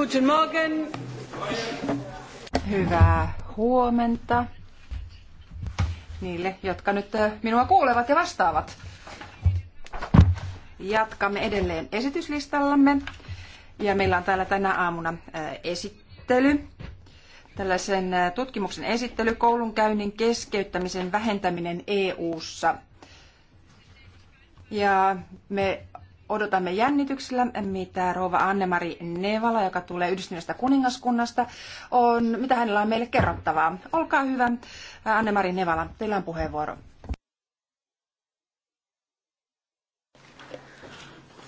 Guten Morgen. Hyvää huomenta niille, jotka nyt äh, minua kuulevat ja vastaavat. Jatkamme edelleen esityslistallamme. Ja meillä on täällä tänä aamuna äh, esittely. Tällaisen äh, tutkimuksen esittely, koulunkäynnin keskeyttämisen vähentäminen EU-ssa. Ja me odotamme jännityksellä, mitä rouva Annemari Nevala, joka tulee yhdistyneestä kuningaskunnasta, on, mitä hänellä on meille kerrottavaa. Olkaa hyvä, Annemari Nevala, teillä on puheenvuoro.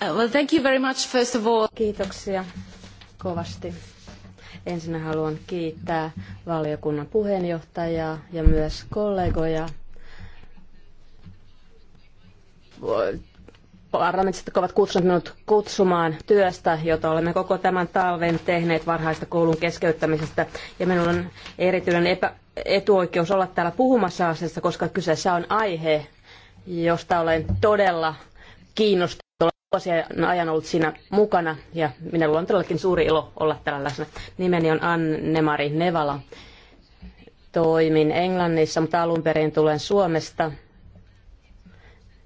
Uh, well, thank you very much, first of all. Kiitoksia kovasti. Ensin haluan kiittää valiokunnan puheenjohtajaa ja myös kollegoja parlamentista, ovat kutsuneet minut kutsumaan työstä, jota olemme koko tämän talven tehneet varhaista koulun keskeyttämisestä. Ja minulla on erityinen epä, etuoikeus olla täällä puhumassa asiasta, koska kyseessä on aihe, josta olen todella kiinnostunut. Olen vuosien ajan ollut siinä mukana ja minulla on todellakin suuri ilo olla täällä läsnä. Nimeni on Anne-Mari Nevala. Toimin Englannissa, mutta alun perin tulen Suomesta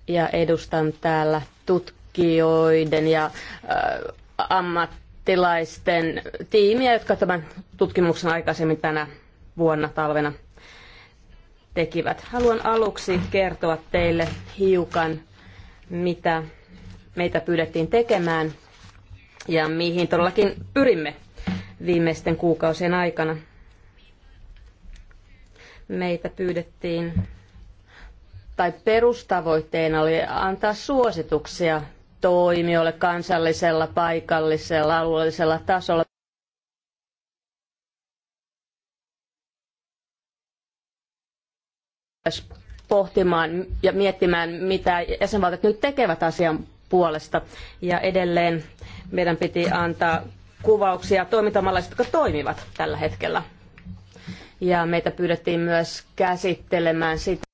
ja edustan täällä tutkijoiden ja äh, ammattilaisten tiimiä, jotka tämän tutkimuksen aikaisemmin tänä vuonna talvena tekivät. Haluan aluksi kertoa teille hiukan, mitä meitä pyydettiin tekemään ja mihin todellakin pyrimme viimeisten kuukausien aikana. Meitä pyydettiin tai perustavoitteena oli antaa suosituksia toimijoille kansallisella, paikallisella, alueellisella tasolla. pohtimaan ja miettimään, mitä jäsenvaltiot nyt tekevät asian puolesta. Ja edelleen meidän piti antaa kuvauksia toimintamalleista, jotka toimivat tällä hetkellä. Ja meitä pyydettiin myös käsittelemään sitä,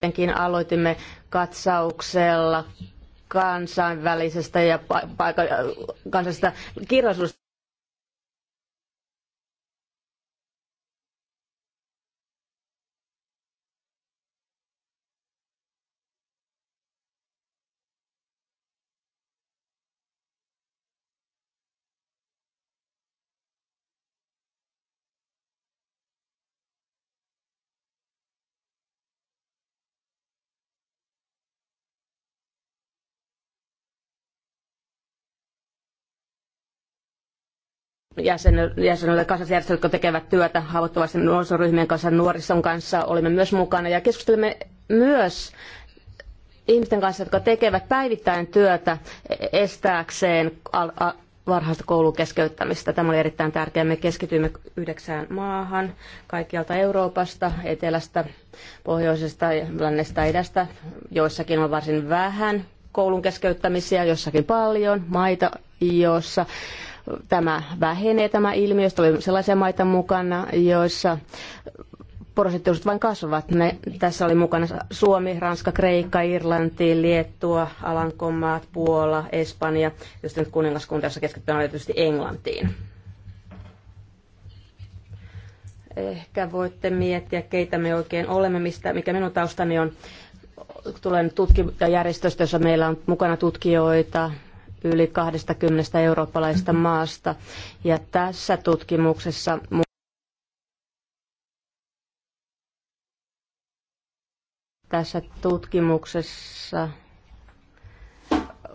Kuitenkin aloitimme katsauksella kansainvälisestä ja paik- kansallisesta kirjallisuudesta jäsenille kansallisjärjestöt, jotka tekevät työtä haavoittuvaisten nuorisoryhmien kanssa, nuorison kanssa. Olimme myös mukana ja keskustelimme myös ihmisten kanssa, jotka tekevät päivittäin työtä estääkseen varhaista koulun keskeyttämistä. Tämä oli erittäin tärkeää. Me keskityimme yhdeksään maahan kaikkialta Euroopasta, etelästä, pohjoisesta, lännesta, idästä. Joissakin on varsin vähän koulun keskeyttämisiä, jossakin paljon maita, joissa. Tämä vähenee tämä ilmiö, josta oli sellaisia maita mukana, joissa prosenttiosuudet vain kasvavat. Ne, tässä oli mukana Suomi, Ranska, Kreikka, Irlanti, Liettua, Alankomaat, Puola, Espanja, just nyt kuningaskunta, jossa keskitytään tietysti Englantiin. Ehkä voitte miettiä, keitä me oikein olemme, mistä, mikä minun taustani on. Tulen tutkimusjärjestöstä, jossa meillä on mukana tutkijoita, yli 20 eurooppalaista maasta. Ja tässä tutkimuksessa tässä tutkimuksessa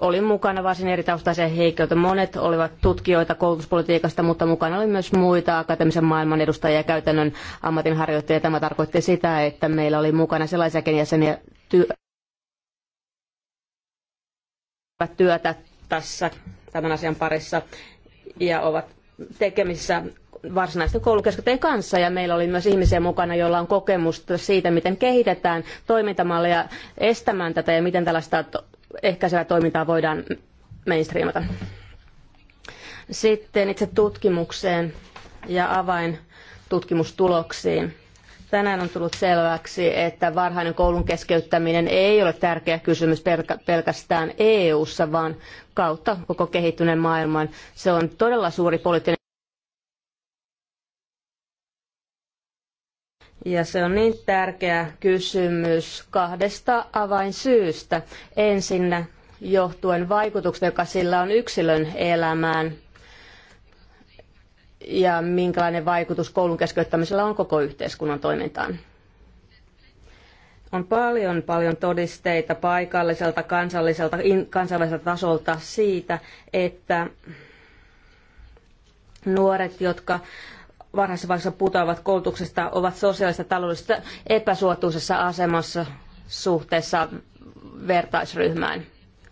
oli mukana varsin eri taustaisia heikkoja. Monet olivat tutkijoita koulutuspolitiikasta, mutta mukana oli myös muita akateemisen maailman edustajia ja käytännön ammatinharjoittajia. Tämä tarkoitti sitä, että meillä oli mukana sellaisiakin jäseniä työtä tässä tämän asian parissa ja ovat tekemissä varsinaisten koulukeskusten kanssa ja meillä oli myös ihmisiä mukana, joilla on kokemusta siitä, miten kehitetään toimintamalleja estämään tätä ja miten tällaista ehkäisevää toimintaa voidaan mainstreamata. Sitten itse tutkimukseen ja avain tutkimustuloksiin. Tänään on tullut selväksi, että varhainen koulun keskeyttäminen ei ole tärkeä kysymys pelkästään EU-ssa, vaan kautta koko kehittyneen maailman. Se on todella suuri poliittinen Ja se on niin tärkeä kysymys kahdesta avainsyystä. Ensinnä johtuen vaikutuksesta, joka sillä on yksilön elämään ja minkälainen vaikutus koulun keskeyttämisellä on koko yhteiskunnan toimintaan. On paljon, paljon todisteita paikalliselta, kansalliselta, kansainväliseltä tasolta siitä, että nuoret, jotka varhaisessa vaiheessa putoavat koulutuksesta, ovat sosiaalista taloudellista epäsuotuisessa asemassa suhteessa vertaisryhmään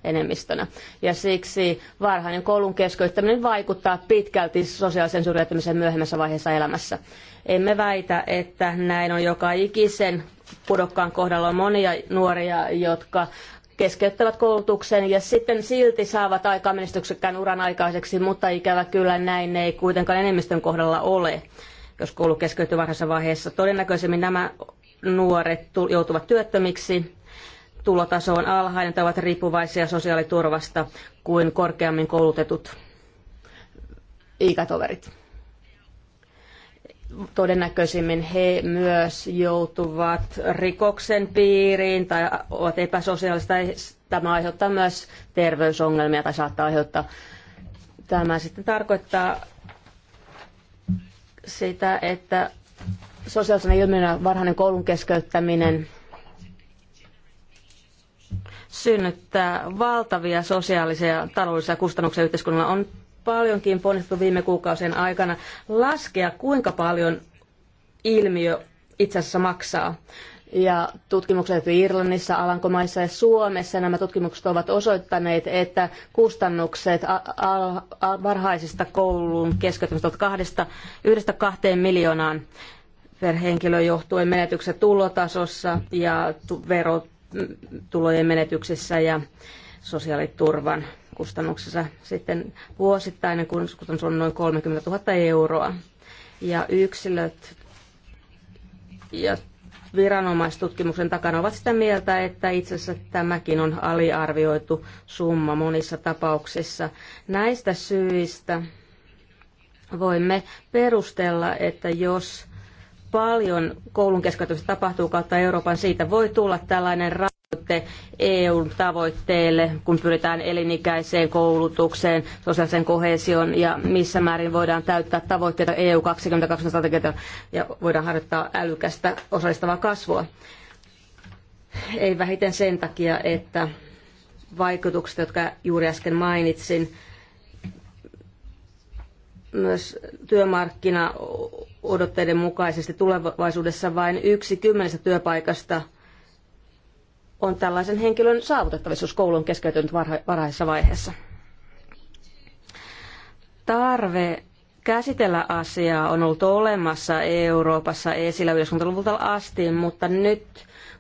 enemmistönä. Ja siksi varhainen koulun keskeyttäminen vaikuttaa pitkälti sosiaalisen syrjäytymisen myöhemmässä vaiheessa elämässä. Emme väitä, että näin on joka ikisen pudokkaan kohdalla on monia nuoria, jotka keskeyttävät koulutuksen ja sitten silti saavat aikaa menestyksekkään uran aikaiseksi, mutta ikävä kyllä näin ei kuitenkaan enemmistön kohdalla ole, jos koulu keskeytyy varhaisessa vaiheessa. Todennäköisemmin nämä nuoret joutuvat työttömiksi tulotaso on alhainen tai ovat riippuvaisia sosiaaliturvasta kuin korkeammin koulutetut ikätoverit. Todennäköisimmin he myös joutuvat rikoksen piiriin tai ovat epäsosiaalista. Tämä aiheuttaa myös terveysongelmia tai saattaa aiheuttaa. Tämä sitten tarkoittaa sitä, että sosiaalisena ilmiönä varhainen koulun keskeyttäminen – synnyttää valtavia sosiaalisia ja taloudellisia kustannuksia yhteiskunnalla. On paljonkin ponnistettu viime kuukausien aikana laskea, kuinka paljon ilmiö itse asiassa maksaa. Ja tutkimukset Irlannissa, Alankomaissa ja Suomessa, nämä tutkimukset ovat osoittaneet, että kustannukset varhaisista kouluun keskeytymistä ovat kahdesta, yhdestä kahteen miljoonaan per henkilö johtuen menetyksestä tulotasossa ja vero, tulojen menetyksessä ja sosiaaliturvan kustannuksessa. Sitten vuosittainen kustannus on noin 30 000 euroa. Ja yksilöt ja viranomaistutkimuksen takana ovat sitä mieltä, että itse asiassa tämäkin on aliarvioitu summa monissa tapauksissa. Näistä syistä voimme perustella, että jos paljon koulun keskeytymistä tapahtuu kautta Euroopan. Siitä voi tulla tällainen rajoite EUn tavoitteelle, kun pyritään elinikäiseen koulutukseen, sosiaalisen kohesioon ja missä määrin voidaan täyttää tavoitteita EU 2020 strategiaa ja voidaan harjoittaa älykästä osallistavaa kasvua. Ei vähiten sen takia, että vaikutukset, jotka juuri äsken mainitsin, myös työmarkkinaodotteiden mukaisesti tulevaisuudessa vain yksi kymmenestä työpaikasta on tällaisen henkilön saavutettavissa, jos koulu on keskeytynyt varhaisessa vaiheessa. Tarve käsitellä asiaa on ollut olemassa Euroopassa esillä 90-luvulta asti, mutta nyt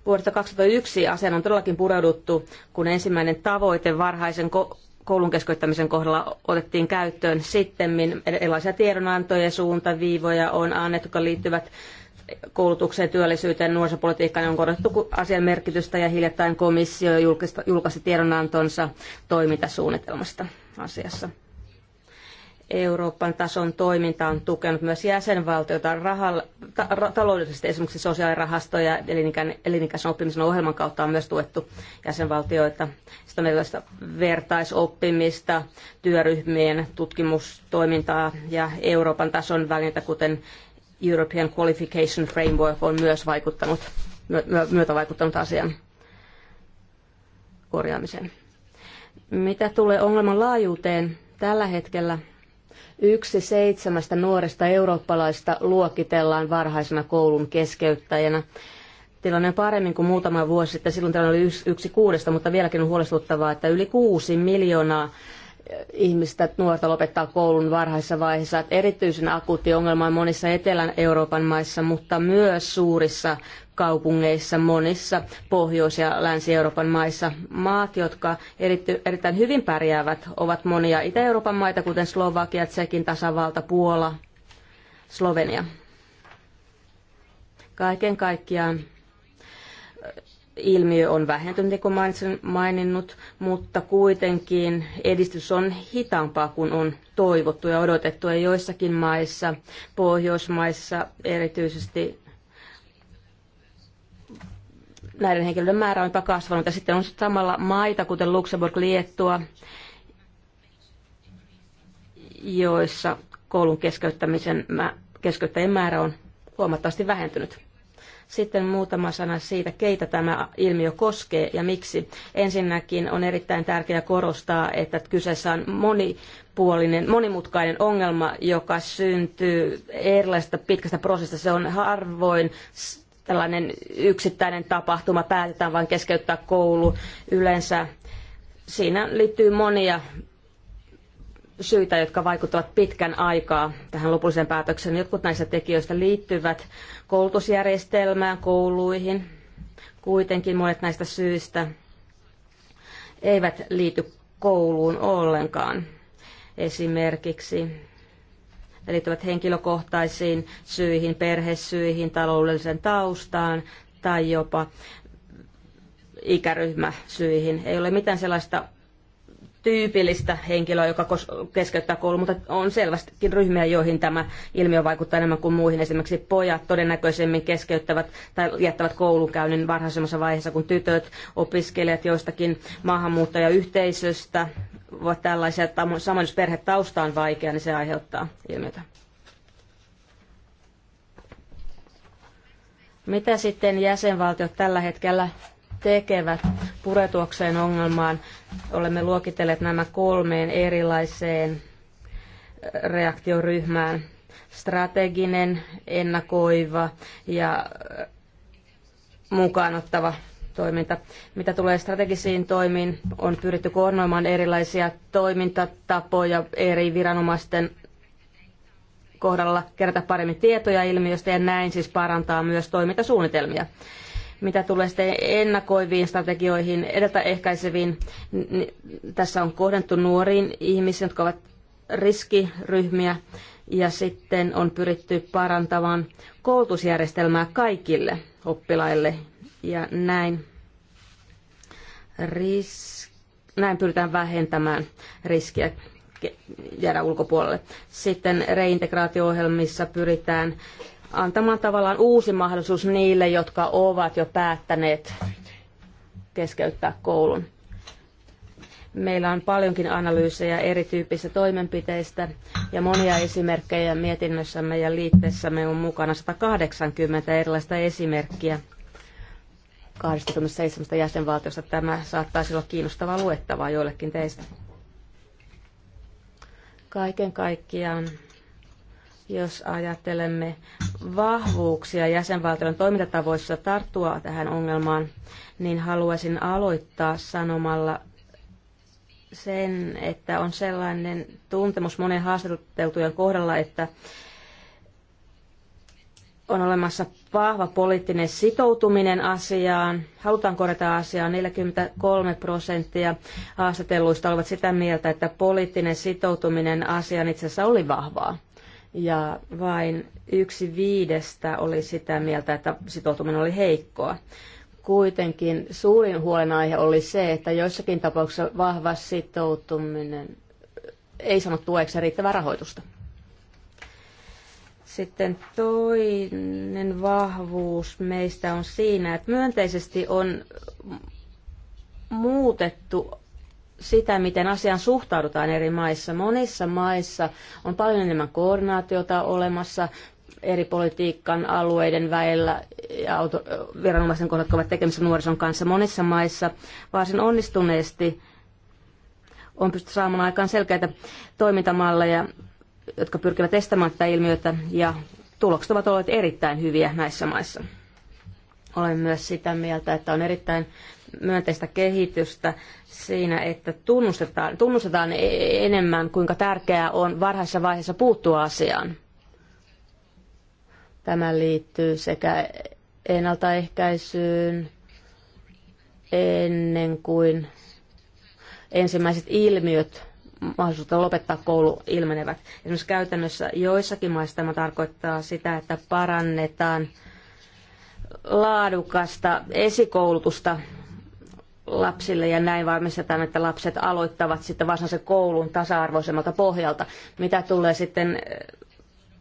vuodesta 2001 asiaan on todellakin pureuduttu, kun ensimmäinen tavoite varhaisen ko- koulun keskeyttämisen kohdalla otettiin käyttöön. Sitten erilaisia tiedonantoja ja suuntaviivoja on annettu, jotka liittyvät koulutukseen, työllisyyteen, nuorisopolitiikkaan on korostettu asian merkitystä ja hiljattain komissio julkaisi tiedonantonsa toimintasuunnitelmasta asiassa. Euroopan tason toiminta on tukenut myös jäsenvaltioita rahalla, ta, ra, taloudellisesti, esimerkiksi sosiaalirahastoja ja elinikäisen oppimisen ohjelman kautta on myös tuettu jäsenvaltioita. Sitten on erilaista vertaisoppimista, työryhmien tutkimustoimintaa ja Euroopan tason välineitä, kuten European Qualification Framework on myös vaikuttanut, myötä vaikuttanut asian korjaamiseen. Mitä tulee ongelman laajuuteen, tällä hetkellä Yksi seitsemästä nuoresta eurooppalaista luokitellaan varhaisena koulun keskeyttäjänä. Tilanne on paremmin kuin muutama vuosi sitten. Silloin tilanne oli yksi, yksi kuudesta, mutta vieläkin on huolestuttavaa, että yli kuusi miljoonaa eh, ihmistä nuorta lopettaa koulun varhaisessa vaiheessa. Erityisen akuutti ongelma on monissa Etelän-Euroopan maissa, mutta myös suurissa kaupungeissa monissa Pohjois- ja Länsi-Euroopan maissa. Maat, jotka erittäin hyvin pärjäävät, ovat monia Itä-Euroopan maita, kuten Slovakia, Tsekin tasavalta, Puola, Slovenia. Kaiken kaikkiaan ilmiö on vähentynyt, niin kuin maininnut, mutta kuitenkin edistys on hitaampaa kuin on toivottu ja odotettu. Ja joissakin maissa, Pohjoismaissa erityisesti näiden henkilöiden määrä on jopa kasvanut. Ja sitten on samalla maita, kuten Luxemburg, Liettua, joissa koulun keskeyttämisen, keskeyttäjien määrä on huomattavasti vähentynyt. Sitten muutama sana siitä, keitä tämä ilmiö koskee ja miksi. Ensinnäkin on erittäin tärkeää korostaa, että kyseessä on monipuolinen, monimutkainen ongelma, joka syntyy erilaisesta pitkästä prosessista. Se on harvoin tällainen yksittäinen tapahtuma, päätetään vain keskeyttää koulu. Yleensä siinä liittyy monia syitä, jotka vaikuttavat pitkän aikaa tähän lopulliseen päätökseen. Jotkut näistä tekijöistä liittyvät koulutusjärjestelmään, kouluihin. Kuitenkin monet näistä syistä eivät liity kouluun ollenkaan. Esimerkiksi liittyvät henkilökohtaisiin syihin, perhesyihin, taloudelliseen taustaan tai jopa ikäryhmäsyihin. Ei ole mitään sellaista tyypillistä henkilöä, joka keskeyttää koulun, mutta on selvästikin ryhmiä, joihin tämä ilmiö vaikuttaa enemmän kuin muihin. Esimerkiksi pojat todennäköisemmin keskeyttävät tai jättävät koulunkäynnin varhaisemmassa vaiheessa kuin tytöt, opiskelijat joistakin maahanmuuttajayhteisöstä ovat tällaisia, että saman jos perhetausta on vaikea, niin se aiheuttaa ilmiötä. Mitä sitten jäsenvaltiot tällä hetkellä tekevät puretuokseen ongelmaan? Olemme luokitelleet nämä kolmeen erilaiseen reaktioryhmään. Strateginen, ennakoiva ja mukaanottava toiminta. Mitä tulee strategisiin toimiin, on pyritty koordinoimaan erilaisia toimintatapoja eri viranomaisten kohdalla, kerätä paremmin tietoja ilmiöstä ja näin siis parantaa myös toimintasuunnitelmia. Mitä tulee sitten ennakoiviin strategioihin, edeltäehkäiseviin, niin tässä on kohdentu nuoriin ihmisiin, jotka ovat riskiryhmiä ja sitten on pyritty parantamaan koulutusjärjestelmää kaikille oppilaille ja näin, ris- näin pyritään vähentämään riskiä jäädä ulkopuolelle. Sitten reintegraatio-ohjelmissa pyritään antamaan tavallaan uusi mahdollisuus niille, jotka ovat jo päättäneet keskeyttää koulun. Meillä on paljonkin analyysejä erityyppisistä toimenpiteistä ja monia esimerkkejä mietinnössämme ja liitteessämme on mukana 180 erilaista esimerkkiä 27 jäsenvaltiosta. Tämä saattaisi olla kiinnostavaa luettavaa joillekin teistä. Kaiken kaikkiaan jos ajattelemme vahvuuksia jäsenvaltion toimintatavoissa tarttua tähän ongelmaan, niin haluaisin aloittaa sanomalla sen, että on sellainen tuntemus monen haastateltujen kohdalla, että on olemassa vahva poliittinen sitoutuminen asiaan. Halutaan korjata asiaa. 43 prosenttia haastatelluista olivat sitä mieltä, että poliittinen sitoutuminen asiaan itse asiassa oli vahvaa. Ja vain yksi viidestä oli sitä mieltä, että sitoutuminen oli heikkoa. Kuitenkin suurin huolenaihe oli se, että joissakin tapauksissa vahva sitoutuminen ei saanut tueksi riittävää rahoitusta. Sitten toinen vahvuus meistä on siinä, että myönteisesti on muutettu sitä, miten asiaan suhtaudutaan eri maissa. Monissa maissa on paljon enemmän koordinaatiota olemassa, eri politiikan alueiden väillä ja auto, viranomaisten kohdat ovat tekemisissä nuorison kanssa monissa maissa varsin onnistuneesti on pystytty saamaan aikaan selkeitä toimintamalleja, jotka pyrkivät estämään tätä ilmiötä ja tulokset ovat olleet erittäin hyviä näissä maissa. Olen myös sitä mieltä, että on erittäin myönteistä kehitystä siinä, että tunnustetaan, tunnustetaan enemmän, kuinka tärkeää on varhaisessa vaiheessa puuttua asiaan. Tämä liittyy sekä ennaltaehkäisyyn ennen kuin ensimmäiset ilmiöt mahdollisuutta lopettaa koulu ilmenevät. Esimerkiksi käytännössä joissakin maissa tämä tarkoittaa sitä, että parannetaan laadukasta esikoulutusta lapsille ja näin varmistetaan, että lapset aloittavat sitten varsinaisen koulun tasa-arvoisemmalta pohjalta. Mitä tulee sitten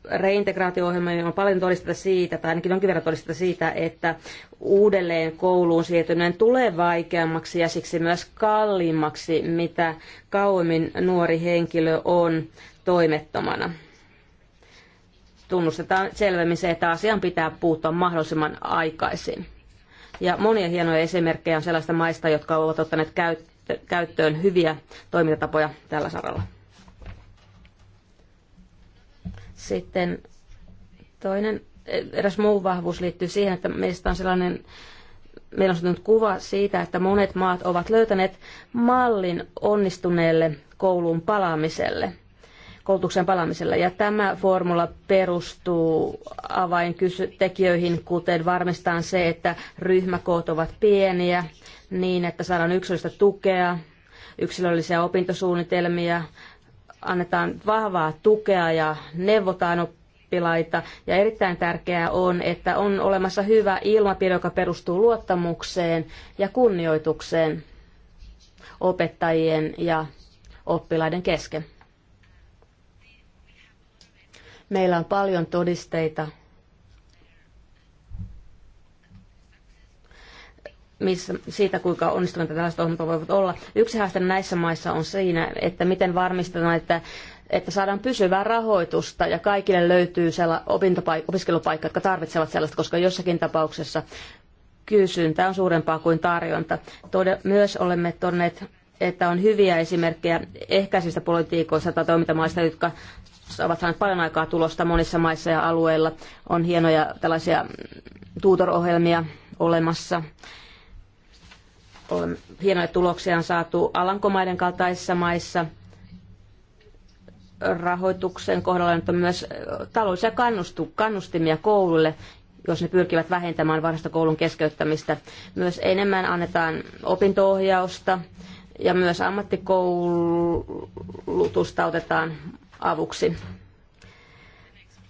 reintegraatio-ohjelma, niin on paljon todisteta siitä, tai ainakin jonkin verran todisteta siitä, että uudelleen kouluun siirtyminen tulee vaikeammaksi ja siksi myös kalliimmaksi, mitä kauemmin nuori henkilö on toimettomana. Tunnustetaan selvemmin se, että asiaan pitää puuttua mahdollisimman aikaisin. Ja monia hienoja esimerkkejä on sellaista maista, jotka ovat ottaneet käyttöön hyviä toimintatapoja tällä saralla. Sitten toinen, eräs muu vahvuus liittyy siihen, että meistä on sellainen meillä on sellainen kuva siitä, että monet maat ovat löytäneet mallin onnistuneelle kouluun palaamiselle, koulutuksen palaamiselle. Ja tämä formula perustuu avaintekijöihin, kuten varmistaan se, että ryhmäkoot ovat pieniä niin, että saadaan yksilöllistä tukea, yksilöllisiä opintosuunnitelmia, annetaan vahvaa tukea ja neuvotaan oppilaita. Ja erittäin tärkeää on, että on olemassa hyvä ilmapiiri, joka perustuu luottamukseen ja kunnioitukseen opettajien ja oppilaiden kesken. Meillä on paljon todisteita missä, siitä, kuinka onnistuneita tällaiset ohjelmat voivat olla. Yksi haaste näissä maissa on siinä, että miten varmistetaan, että että saadaan pysyvää rahoitusta ja kaikille löytyy opintopaik- opiskelupaikka, jotka tarvitsevat sellaista, koska jossakin tapauksessa kysyntä on suurempaa kuin tarjonta. Tod- myös olemme todenneet, että on hyviä esimerkkejä ehkäisistä politiikoista tai toimintamaista, jotka ovat saaneet paljon aikaa tulosta monissa maissa ja alueilla. On hienoja tällaisia tuutorohjelmia olemassa on hienoja tuloksia on saatu Alankomaiden kaltaisissa maissa. Rahoituksen kohdalla on myös taloudellisia kannustu, kannustimia kouluille, jos ne pyrkivät vähentämään varhaista koulun keskeyttämistä. Myös enemmän annetaan opintoohjausta ja myös ammattikoulutusta otetaan avuksi.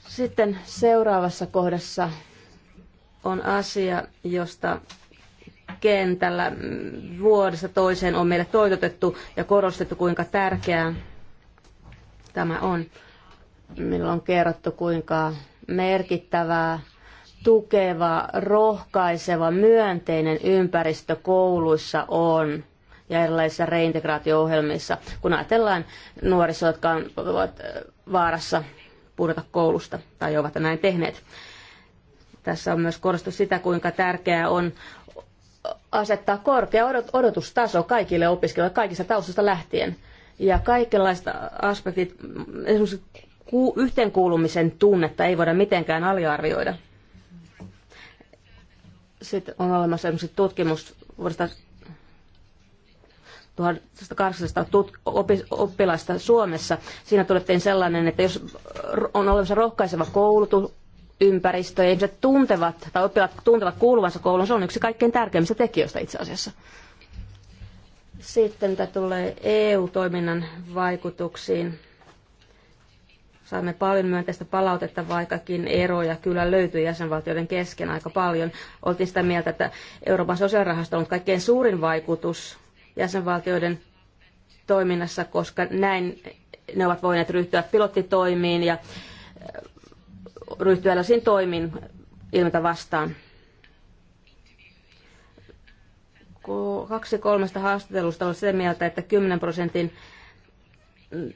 Sitten seuraavassa kohdassa on asia, josta kentällä vuodesta toiseen on meille toitotettu ja korostettu, kuinka tärkeää tämä on. Meillä on kerrottu, kuinka merkittävää, tukeva, rohkaiseva, myönteinen ympäristö kouluissa on ja erilaisissa reintegraatio-ohjelmissa, kun ajatellaan nuorisoa, jotka ovat vaarassa pudota koulusta tai ovat näin tehneet. Tässä on myös korostus sitä, kuinka tärkeää on asettaa korkea odotustaso kaikille opiskelijoille kaikista taustasta lähtien. Ja kaikenlaiset aspektit, esimerkiksi yhteenkuulumisen tunnetta ei voida mitenkään aliarvioida. Sitten on olemassa esimerkiksi tutkimus vuodesta 1800 tut- oppilaista Suomessa. Siinä tulettiin sellainen, että jos on olemassa rohkaiseva koulutus, ympäristö ja ihmiset tuntevat tai oppilaat tuntevat kuuluvansa kouluun, se on yksi kaikkein tärkeimmistä tekijöistä itse asiassa. Sitten mitä tulee EU-toiminnan vaikutuksiin, saimme paljon myönteistä palautetta, vaikkakin eroja kyllä löytyi jäsenvaltioiden kesken aika paljon. Oltiin sitä mieltä, että Euroopan sosiaalirahasto on kaikkein suurin vaikutus jäsenvaltioiden toiminnassa, koska näin ne ovat voineet ryhtyä pilottitoimiin ja ryhtyä tällaisiin toimiin ilmetä vastaan. Kaksi kolmesta haastattelusta on sitä mieltä, että 10 prosentin mm,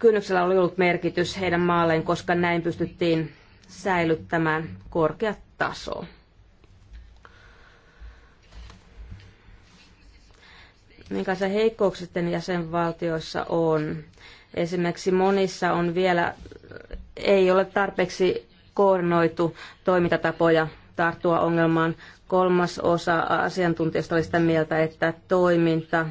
kynnyksellä oli ollut merkitys heidän maalleen, koska näin pystyttiin säilyttämään korkea taso. Minkälaisia heikkoukset sitten jäsenvaltioissa on? Esimerkiksi monissa on vielä, ei ole tarpeeksi koordinoitu toimintatapoja tarttua ongelmaan. Kolmas osa asiantuntijoista oli sitä mieltä, että toiminta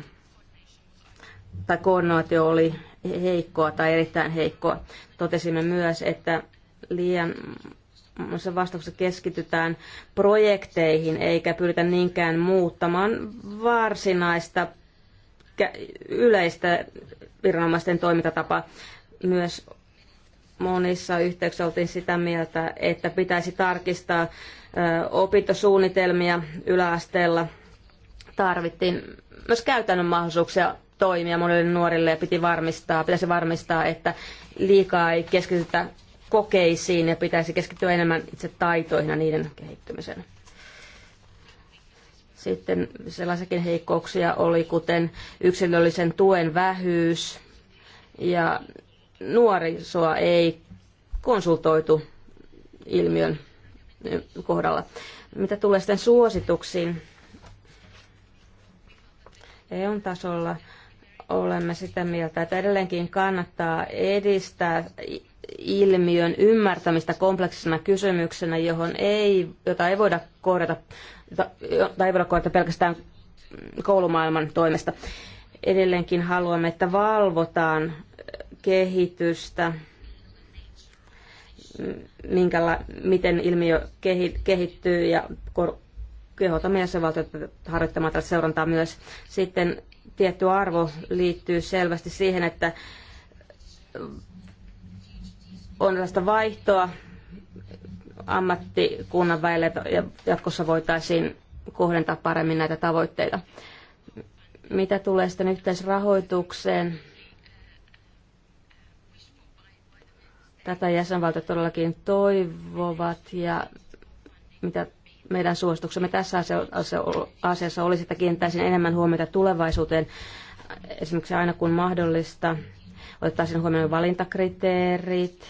tai koordinaatio oli heikkoa tai erittäin heikkoa. Totesimme myös, että liian se vastauksessa keskitytään projekteihin eikä pyritä niinkään muuttamaan varsinaista yleistä viranomaisten toimintatapaa. Myös monissa yhteyksissä oltiin sitä mieltä, että pitäisi tarkistaa opintosuunnitelmia yläasteella. Tarvittiin myös käytännön mahdollisuuksia toimia monille nuorille ja piti varmistaa, pitäisi varmistaa, että liikaa ei keskitytä kokeisiin ja pitäisi keskittyä enemmän itse taitoihin ja niiden kehittymiseen. Sitten sellaisiakin heikkouksia oli, kuten yksilöllisen tuen vähyys ja nuorisoa ei konsultoitu ilmiön kohdalla. Mitä tulee sitten suosituksiin EUn tasolla, olemme sitä mieltä, että edelleenkin kannattaa edistää ilmiön ymmärtämistä kompleksisena kysymyksenä, johon ei, jota ei voida korjata, jota ei voida korjata pelkästään koulumaailman toimesta. Edelleenkin haluamme, että valvotaan kehitystä, minkäla, miten ilmiö kehittyy ja kor, kehotamme jäsenvaltioita harjoittamaan tällaista seurantaa myös. Sitten tietty arvo liittyy selvästi siihen, että on tästä vaihtoa ammattikunnan väille ja jatkossa voitaisiin kohdentaa paremmin näitä tavoitteita. Mitä tulee sitten yhteisrahoitukseen, tätä jäsenvaltiot todellakin toivovat ja mitä meidän suosituksemme tässä asiassa olisi, että kiinnittäisin enemmän huomiota tulevaisuuteen. Esimerkiksi aina kun mahdollista, otettaisiin huomioon valintakriteerit,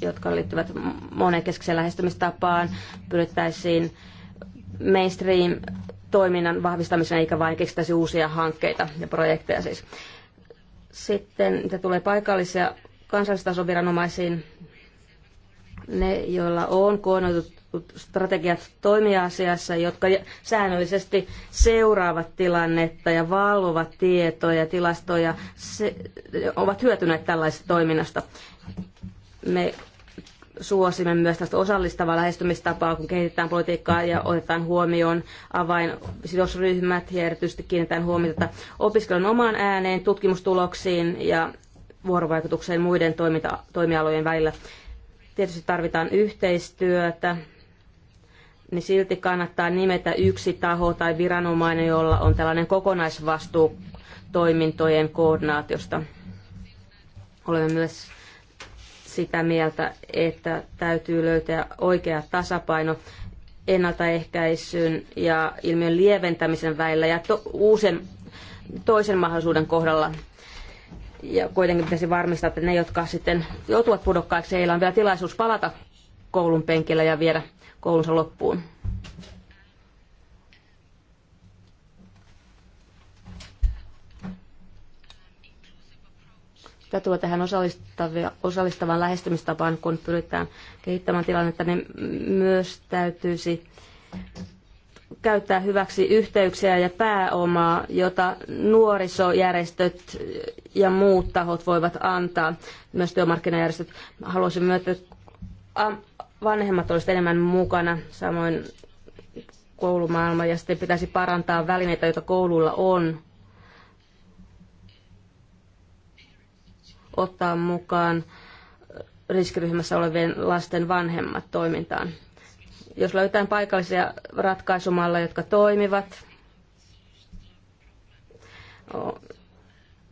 jotka liittyvät monenkeskiseen lähestymistapaan, pyrittäisiin mainstream-toiminnan vahvistamiseen eikä vain keksittäisi uusia hankkeita ja projekteja siis. Sitten mitä tulee paikallisia kansallistason viranomaisiin, ne, joilla on koonnoitut strategiat toimia asiassa, jotka säännöllisesti seuraavat tilannetta ja valvovat tietoja, tilastoja, se, ovat hyötyneet tällaisesta toiminnasta. Me suosimme myös tästä osallistavaa lähestymistapaa, kun kehitetään politiikkaa ja otetaan huomioon avainsidosryhmät ja erityisesti kiinnitetään huomiota opiskelun omaan ääneen, tutkimustuloksiin ja vuorovaikutukseen muiden toiminta- toimialojen välillä. Tietysti tarvitaan yhteistyötä, niin silti kannattaa nimetä yksi taho tai viranomainen, jolla on tällainen kokonaisvastuu toimintojen koordinaatiosta. Olemme myös sitä mieltä, että täytyy löytää oikea tasapaino ennaltaehkäisyn ja ilmiön lieventämisen välillä ja to, uusen, toisen mahdollisuuden kohdalla. Ja kuitenkin pitäisi varmistaa, että ne, jotka sitten joutuvat pudokkaiksi, heillä on vielä tilaisuus palata koulun penkillä ja viedä koulunsa loppuun. Mitä tulee tähän osallistavaan lähestymistapaan, kun pyritään kehittämään tilannetta, niin myös täytyisi käyttää hyväksi yhteyksiä ja pääomaa, jota nuorisojärjestöt ja muut tahot voivat antaa, myös työmarkkinajärjestöt. Haluaisin myös, että vanhemmat olisivat enemmän mukana, samoin koulumaailma, ja sitten pitäisi parantaa välineitä, joita koululla on ottaa mukaan riskiryhmässä olevien lasten vanhemmat toimintaan. Jos löytää paikallisia ratkaisumalleja, jotka toimivat,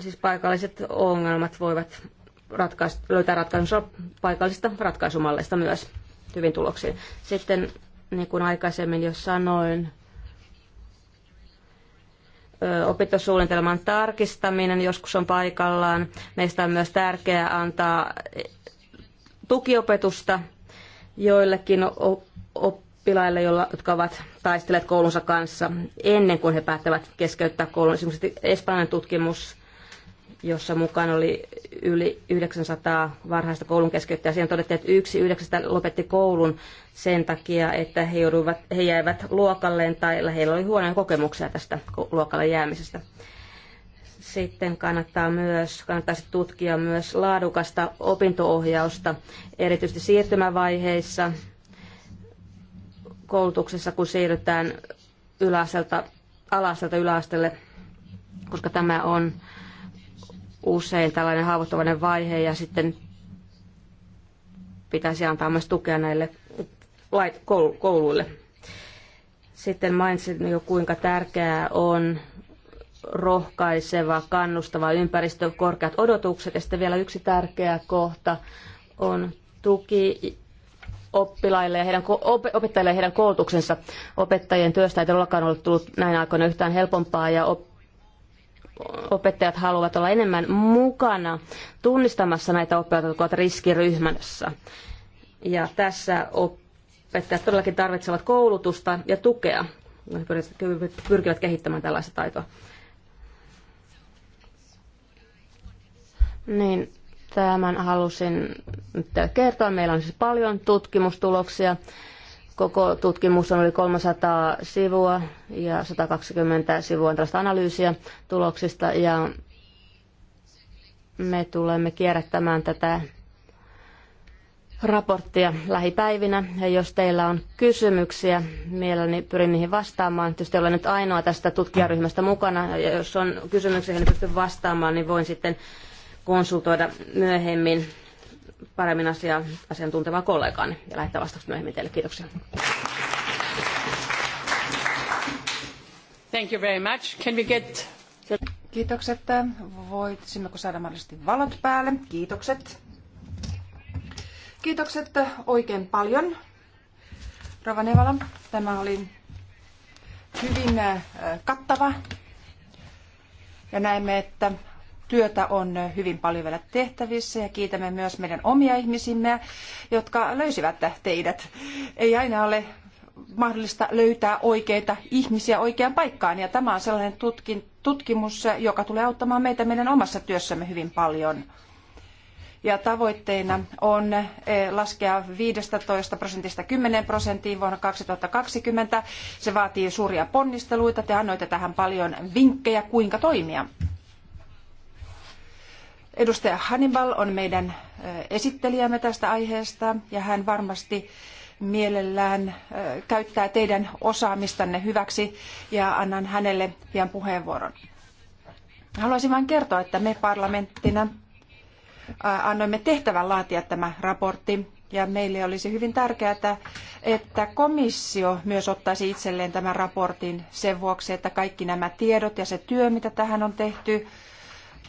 siis paikalliset ongelmat voivat ratkaista, löytää ratkaisunsa paikallisista ratkaisumalleista myös hyvin tuloksiin. Sitten niin kuin aikaisemmin jo sanoin, opintosuunnitelman tarkistaminen joskus on paikallaan. Meistä on myös tärkeää antaa tukiopetusta joillekin oppilaille, jotka ovat taistelleet koulunsa kanssa ennen kuin he päättävät keskeyttää koulun. Esimerkiksi espanjan tutkimus, jossa mukaan oli yli 900 varhaista koulun keskeyttä. Siinä todettiin, että yksi yhdeksästä lopetti koulun sen takia, että he, jouduivat, he jäivät luokalleen tai heillä oli huonoja kokemuksia tästä luokalle jäämisestä. Sitten kannattaa myös, kannattaisi tutkia myös laadukasta opintoohjausta, erityisesti siirtymävaiheissa koulutuksessa, kun siirrytään yläasteelta, alaasteelta yläasteelle, koska tämä on usein tällainen haavoittuvainen vaihe ja sitten pitäisi antaa myös tukea näille kouluille. Sitten mainitsin jo kuinka tärkeää on rohkaiseva, kannustava ympäristö, korkeat odotukset. Ja sitten vielä yksi tärkeä kohta on tuki oppilaille ja heidän, opettajille ja heidän koulutuksensa. Opettajien työstä ei todellakaan ollut tullut näin aikoina yhtään helpompaa ja op, opettajat haluavat olla enemmän mukana tunnistamassa näitä oppilaita, jotka ovat riskiryhmässä. Ja tässä opettajat todellakin tarvitsevat koulutusta ja tukea. He pyrkivät kehittämään tällaista taitoa. Niin, tämän halusin nyt kertoa. Meillä on siis paljon tutkimustuloksia Koko tutkimus on yli 300 sivua ja 120 sivua on tällaista analyysiä tuloksista ja me tulemme kierrättämään tätä raporttia lähipäivinä. Ja jos teillä on kysymyksiä, mielelläni pyrin niihin vastaamaan. Tietysti olen nyt ainoa tästä tutkijaryhmästä mukana. Ja jos on kysymyksiä, niin pystyn vastaamaan, niin voin sitten konsultoida myöhemmin paremmin asia, asian tuntevaa kollegaani ja lähettää vastaukset myöhemmin teille. Kiitoksia. Thank you very much. Can we get... Kiitokset. Voisimmeko saada mahdollisesti valot päälle? Kiitokset. Kiitokset oikein paljon. Rova Nevala, tämä oli hyvin äh, kattava ja näemme, että työtä on hyvin paljon vielä tehtävissä ja kiitämme myös meidän omia ihmisimme, jotka löysivät teidät. Ei aina ole mahdollista löytää oikeita ihmisiä oikeaan paikkaan ja tämä on sellainen tutkimus, joka tulee auttamaan meitä meidän omassa työssämme hyvin paljon ja tavoitteena on eh, laskea 15 prosentista 10 prosenttiin vuonna 2020. Se vaatii suuria ponnisteluita. Te annoitte tähän paljon vinkkejä, kuinka toimia. Edustaja Hannibal on meidän esittelijämme tästä aiheesta ja hän varmasti mielellään käyttää teidän osaamistanne hyväksi ja annan hänelle pian puheenvuoron. Haluaisin vain kertoa, että me parlamenttina annoimme tehtävän laatia tämä raportti ja meille olisi hyvin tärkeää, että komissio myös ottaisi itselleen tämän raportin sen vuoksi, että kaikki nämä tiedot ja se työ, mitä tähän on tehty,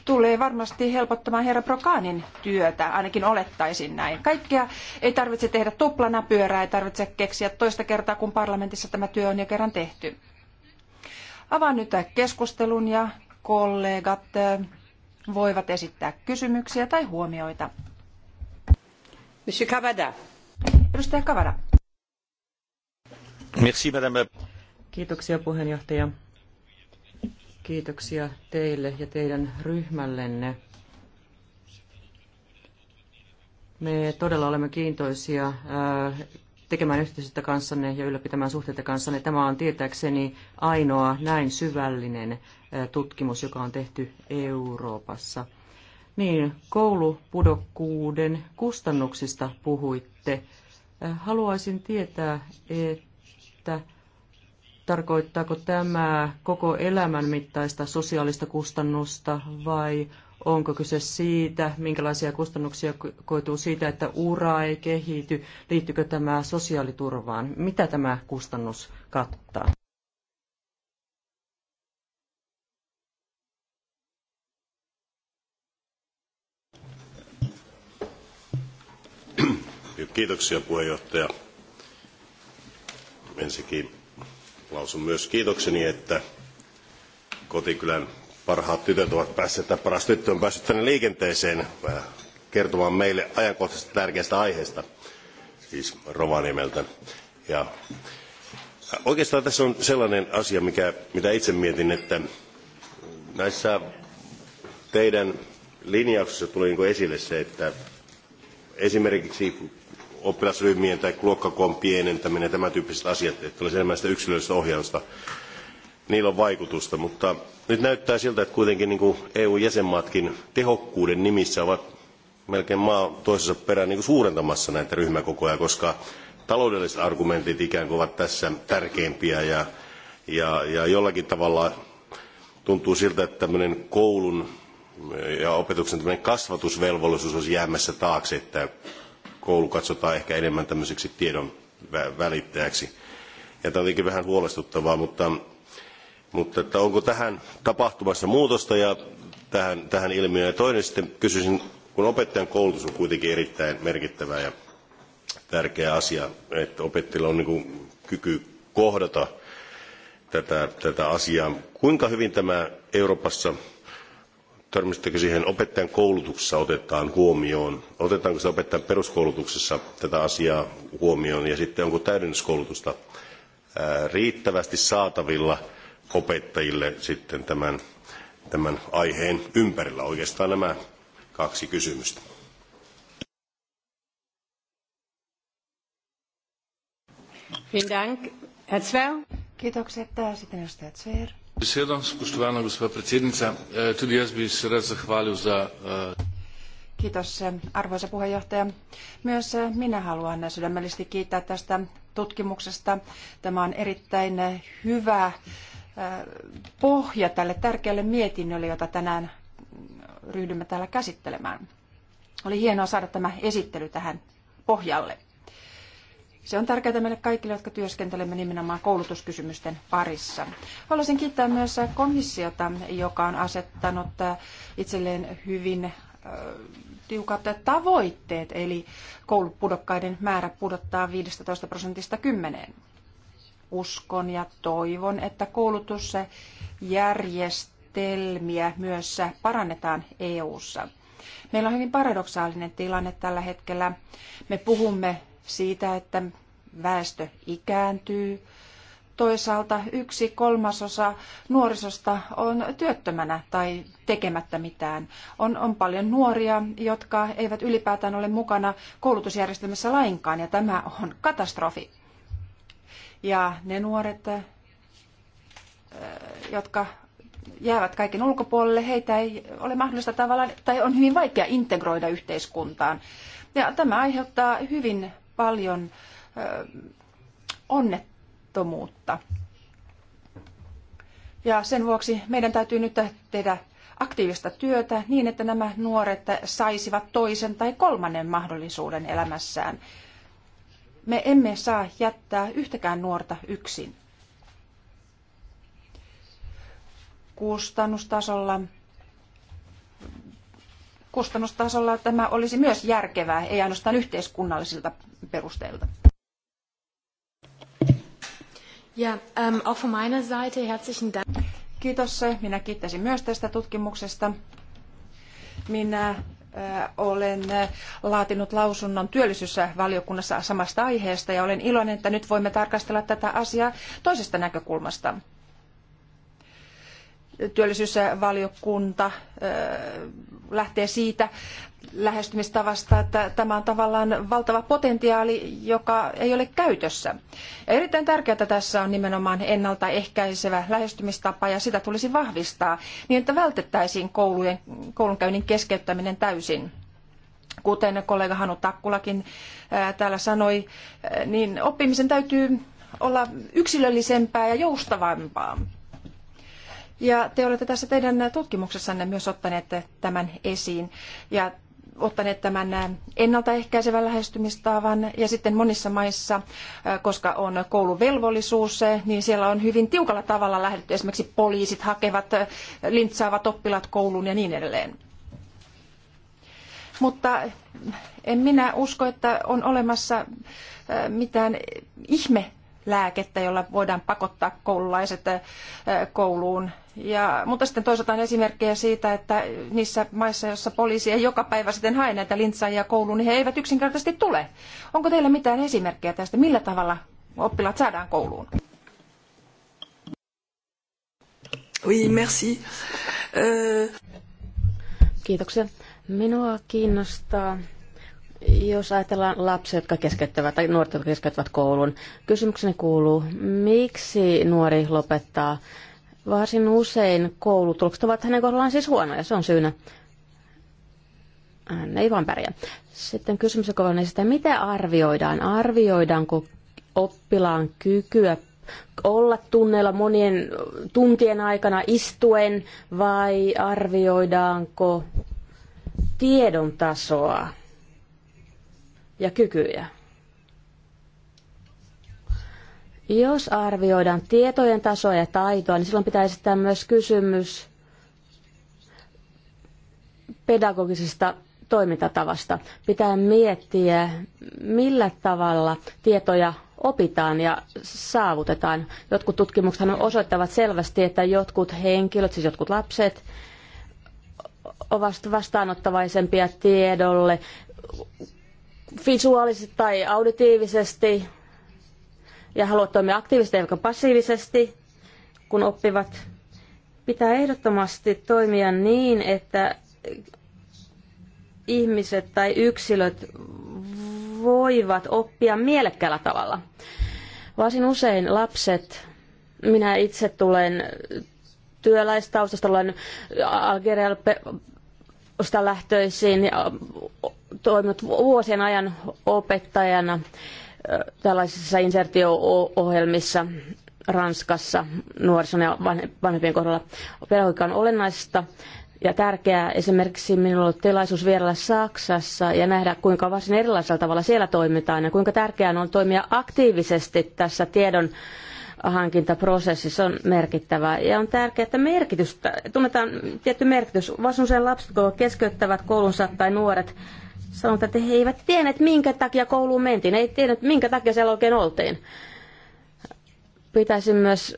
tulee varmasti helpottamaan herra Prokanin työtä, ainakin olettaisin näin. Kaikkea ei tarvitse tehdä tuplana pyörää, ei tarvitse keksiä toista kertaa, kun parlamentissa tämä työ on jo kerran tehty. Avaan nyt keskustelun ja kollegat äh, voivat esittää kysymyksiä tai huomioita. Monsieur kavada? Edustaja kavada. Merci, madame. Kiitoksia puheenjohtaja. Kiitoksia teille ja teidän ryhmällenne. Me todella olemme kiintoisia äh, tekemään yhteistyötä kanssanne ja ylläpitämään suhteita kanssanne. Tämä on tietääkseni ainoa näin syvällinen äh, tutkimus, joka on tehty Euroopassa. Niin, koulupudokkuuden kustannuksista puhuitte. Äh, haluaisin tietää, että Tarkoittaako tämä koko elämän mittaista sosiaalista kustannusta vai onko kyse siitä, minkälaisia kustannuksia koituu siitä, että ura ei kehity, liittyykö tämä sosiaaliturvaan, mitä tämä kustannus kattaa? Kiitoksia puheenjohtaja. Ensinnäkin lausun myös kiitokseni, että kotikylän parhaat tytöt ovat päässeet, tai paras tyttö on päässyt tänne liikenteeseen äh, kertomaan meille ajankohtaisesta tärkeästä aiheesta, siis Rovaniemeltä. Ja äh, oikeastaan tässä on sellainen asia, mikä, mitä itse mietin, että näissä teidän linjauksissa tuli niin esille se, että esimerkiksi oppilasryhmien tai luokkakoon pienentäminen ja tämän tyyppiset asiat, että olisi enemmän sitä yksilöllistä ohjausta, niillä on vaikutusta. Mutta nyt näyttää siltä, että kuitenkin niin EU-jäsenmaatkin tehokkuuden nimissä ovat melkein maa toisensa perään niin suurentamassa näitä ryhmäkokoja, koska taloudelliset argumentit ikään kuin ovat tässä tärkeimpiä ja, ja, ja jollakin tavalla tuntuu siltä, että tämmöinen koulun ja opetuksen kasvatusvelvollisuus olisi jäämässä taakse, että koulu katsotaan ehkä enemmän tämmöiseksi tiedon välittäjäksi. Ja tämä olikin vähän huolestuttavaa, mutta, mutta että onko tähän tapahtumassa muutosta ja tähän, tähän ilmiöön. Ja toinen sitten kysyisin, kun opettajan koulutus on kuitenkin erittäin merkittävä ja tärkeä asia, että opettajilla on niin kyky kohdata tätä, tätä asiaa. Kuinka hyvin tämä Euroopassa Törmäsittekö siihen opettajan koulutuksessa otetaan huomioon? Otetaanko se opettajan peruskoulutuksessa tätä asiaa huomioon ja sitten onko täydennyskoulutusta riittävästi saatavilla opettajille sitten tämän, tämän aiheen ympärillä? Oikeastaan nämä kaksi kysymystä. Kiitoksia Sitten edustaja Besedo, spoštovana gospa predsednica. E, tudi jaz bi se rad zahvalil za... E, Kiitos arvoisa puheenjohtaja. Myös e, minä haluan sydämellisesti kiittää tästä tutkimuksesta. Tämä on erittäin hyvä pohja tälle tärkeälle mietinnölle, jota tänään ryhdymme täällä käsittelemään. Oli hienoa saada tämä esittely tähän pohjalle. Se on tärkeää meille kaikille, jotka työskentelemme nimenomaan koulutuskysymysten parissa. Haluaisin kiittää myös komissiota, joka on asettanut itselleen hyvin tiukat tavoitteet, eli koulupudokkaiden määrä pudottaa 15 prosentista 10. Uskon ja toivon, että koulutusjärjestelmiä myös parannetaan EU:ssa. Meillä on hyvin paradoksaalinen tilanne tällä hetkellä. Me puhumme siitä, että väestö ikääntyy. Toisaalta yksi kolmasosa nuorisosta on työttömänä tai tekemättä mitään. On, on paljon nuoria, jotka eivät ylipäätään ole mukana koulutusjärjestelmässä lainkaan, ja tämä on katastrofi. Ja ne nuoret, jotka jäävät kaiken ulkopuolelle, heitä ei ole mahdollista tavallaan, tai on hyvin vaikea integroida yhteiskuntaan. Ja tämä aiheuttaa hyvin paljon onnettomuutta. Ja sen vuoksi meidän täytyy nyt tehdä aktiivista työtä niin, että nämä nuoret saisivat toisen tai kolmannen mahdollisuuden elämässään. Me emme saa jättää yhtäkään nuorta yksin. Kustannustasolla kustannustasolla tämä olisi myös järkevää, ei ainoastaan yhteiskunnallisilta perusteilta. Ja, ähm, auch von meiner Seite herzlichen Dank. Kiitos. Minä kiittäisin myös tästä tutkimuksesta. Minä äh, olen äh, laatinut lausunnon työllisyysvaliokunnassa samasta aiheesta ja olen iloinen, että nyt voimme tarkastella tätä asiaa toisesta näkökulmasta työllisyysvaliokunta lähtee siitä lähestymistavasta, että tämä on tavallaan valtava potentiaali, joka ei ole käytössä. Ja erittäin tärkeää tässä on nimenomaan ennaltaehkäisevä lähestymistapa ja sitä tulisi vahvistaa niin, että vältettäisiin koulujen, koulunkäynnin keskeyttäminen täysin. Kuten kollega Hanu Takkulakin täällä sanoi, niin oppimisen täytyy olla yksilöllisempää ja joustavampaa ja te olette tässä teidän tutkimuksessanne myös ottaneet tämän esiin ja ottaneet tämän ennaltaehkäisevän lähestymistavan ja sitten monissa maissa, äh, koska on kouluvelvollisuus, äh, niin siellä on hyvin tiukalla tavalla lähdetty. Esimerkiksi poliisit hakevat, äh, lintsaavat oppilaat kouluun ja niin edelleen. Mutta en minä usko, että on olemassa mitään ihme lääkettä, jolla voidaan pakottaa koululaiset kouluun ja, mutta sitten toisaalta on esimerkkejä siitä, että niissä maissa, joissa poliisi ei joka päivä sitten hae näitä lintsaajia kouluun, niin he eivät yksinkertaisesti tule. Onko teillä mitään esimerkkejä tästä, millä tavalla oppilaat saadaan kouluun? Oui, merci. Euh, Kiitoksia. Minua kiinnostaa, jos ajatellaan lapsia, jotka keskeyttävät, tai nuoret, jotka keskeyttävät koulun. Kysymykseni kuuluu, miksi nuori lopettaa Varsin usein koulutulokset ovat hänen kohdallaan siis huonoja, se on syynä. Hän ei vaan pärjää. Sitten kysymys, joka on sitä, mitä arvioidaan? Arvioidaanko oppilaan kykyä olla tunneilla monien tuntien aikana istuen vai arvioidaanko tiedon tasoa ja kykyjä? Jos arvioidaan tietojen tasoa ja taitoa, niin silloin pitäisi esittää myös kysymys pedagogisesta toimintatavasta. Pitää miettiä, millä tavalla tietoja opitaan ja saavutetaan. Jotkut tutkimukset osoittavat selvästi, että jotkut henkilöt, siis jotkut lapset, ovat vastaanottavaisempia tiedolle visuaalisesti tai auditiivisesti ja haluavat toimia aktiivisesti eikä passiivisesti, kun oppivat. Pitää ehdottomasti toimia niin, että ihmiset tai yksilöt voivat oppia mielekkäällä tavalla. Varsin usein lapset, minä itse tulen työläistaustasta, olen Algerialta lähtöisin ja toiminut vuosien ajan opettajana tällaisissa insertio-ohjelmissa Ranskassa nuorison ja vanhempien kohdalla. Pedagogiikka on olennaista ja tärkeää. Esimerkiksi minulla on tilaisuus vierailla Saksassa ja nähdä, kuinka varsin erilaisella tavalla siellä toimitaan ja kuinka tärkeää on toimia aktiivisesti tässä tiedon hankintaprosessissa on merkittävää. Ja on tärkeää, että merkitystä, tunnetaan tietty merkitys. Varsin usein lapset, kun keskeyttävät koulunsa tai nuoret, sanotaan, että he eivät tienneet, minkä takia kouluun mentiin. Ei tienneet, minkä takia siellä oikein oltiin. Pitäisi myös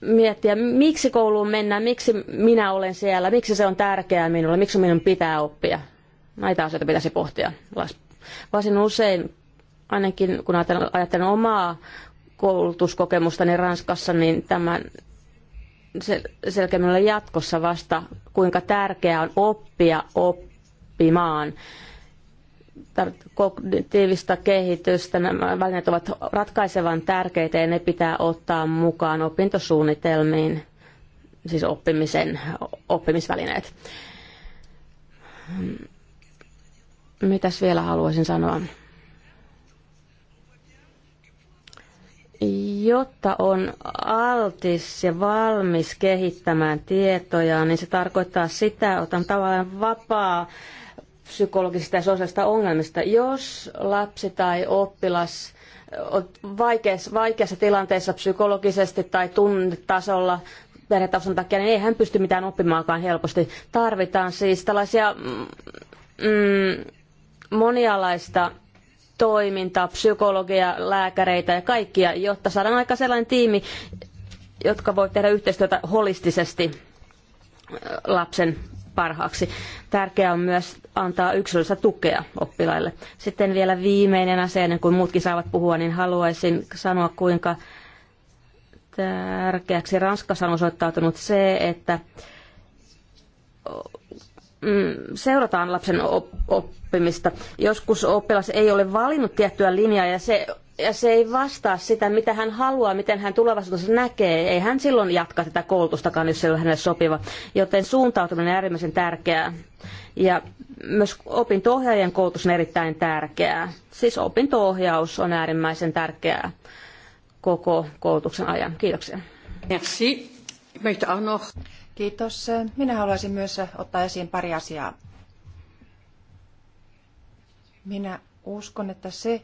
miettiä, miksi kouluun mennään, miksi minä olen siellä, miksi se on tärkeää minulle, miksi minun pitää oppia. Näitä asioita pitäisi pohtia. Varsin usein, ainakin kun ajattelen, omaa koulutuskokemustani niin Ranskassa, niin tämän selkeä selkeämmin jatkossa vasta, kuinka tärkeää on oppia, oppia oppimaan kognitiivista kehitystä. Nämä välineet ovat ratkaisevan tärkeitä ja ne pitää ottaa mukaan opintosuunnitelmiin, siis oppimisen, oppimisvälineet. Mitäs vielä haluaisin sanoa? Jotta on altis ja valmis kehittämään tietoja, niin se tarkoittaa sitä, että on tavallaan vapaa psykologisista ja sosiaalista ongelmista. Jos lapsi tai oppilas on vaikeassa, vaikeassa tilanteessa psykologisesti tai tunnetasolla perhetason takia, niin ei hän pysty mitään oppimaankaan helposti. Tarvitaan siis tällaisia mm, mm, monialaista toimintaa, psykologia, lääkäreitä ja kaikkia, jotta saadaan aika sellainen tiimi, jotka voi tehdä yhteistyötä holistisesti lapsen parhaaksi. Tärkeää on myös antaa yksilöllistä tukea oppilaille. Sitten vielä viimeinen asia, ennen kuin muutkin saavat puhua, niin haluaisin sanoa, kuinka tärkeäksi Ranskassa on osoittautunut se, että mm, seurataan lapsen oppimista. Joskus oppilas ei ole valinnut tiettyä linjaa ja se ja se ei vastaa sitä, mitä hän haluaa, miten hän tulevaisuudessa näkee. Ei hän silloin jatka tätä koulutustakaan, jos se ei ole hänelle sopiva. Joten suuntautuminen on äärimmäisen tärkeää. Ja myös opinto-ohjaajien koulutus on erittäin tärkeää. Siis opinto-ohjaus on äärimmäisen tärkeää koko koulutuksen ajan. Kiitoksia. Merci. Kiitos. Minä haluaisin myös ottaa esiin pari asiaa. Minä uskon, että se,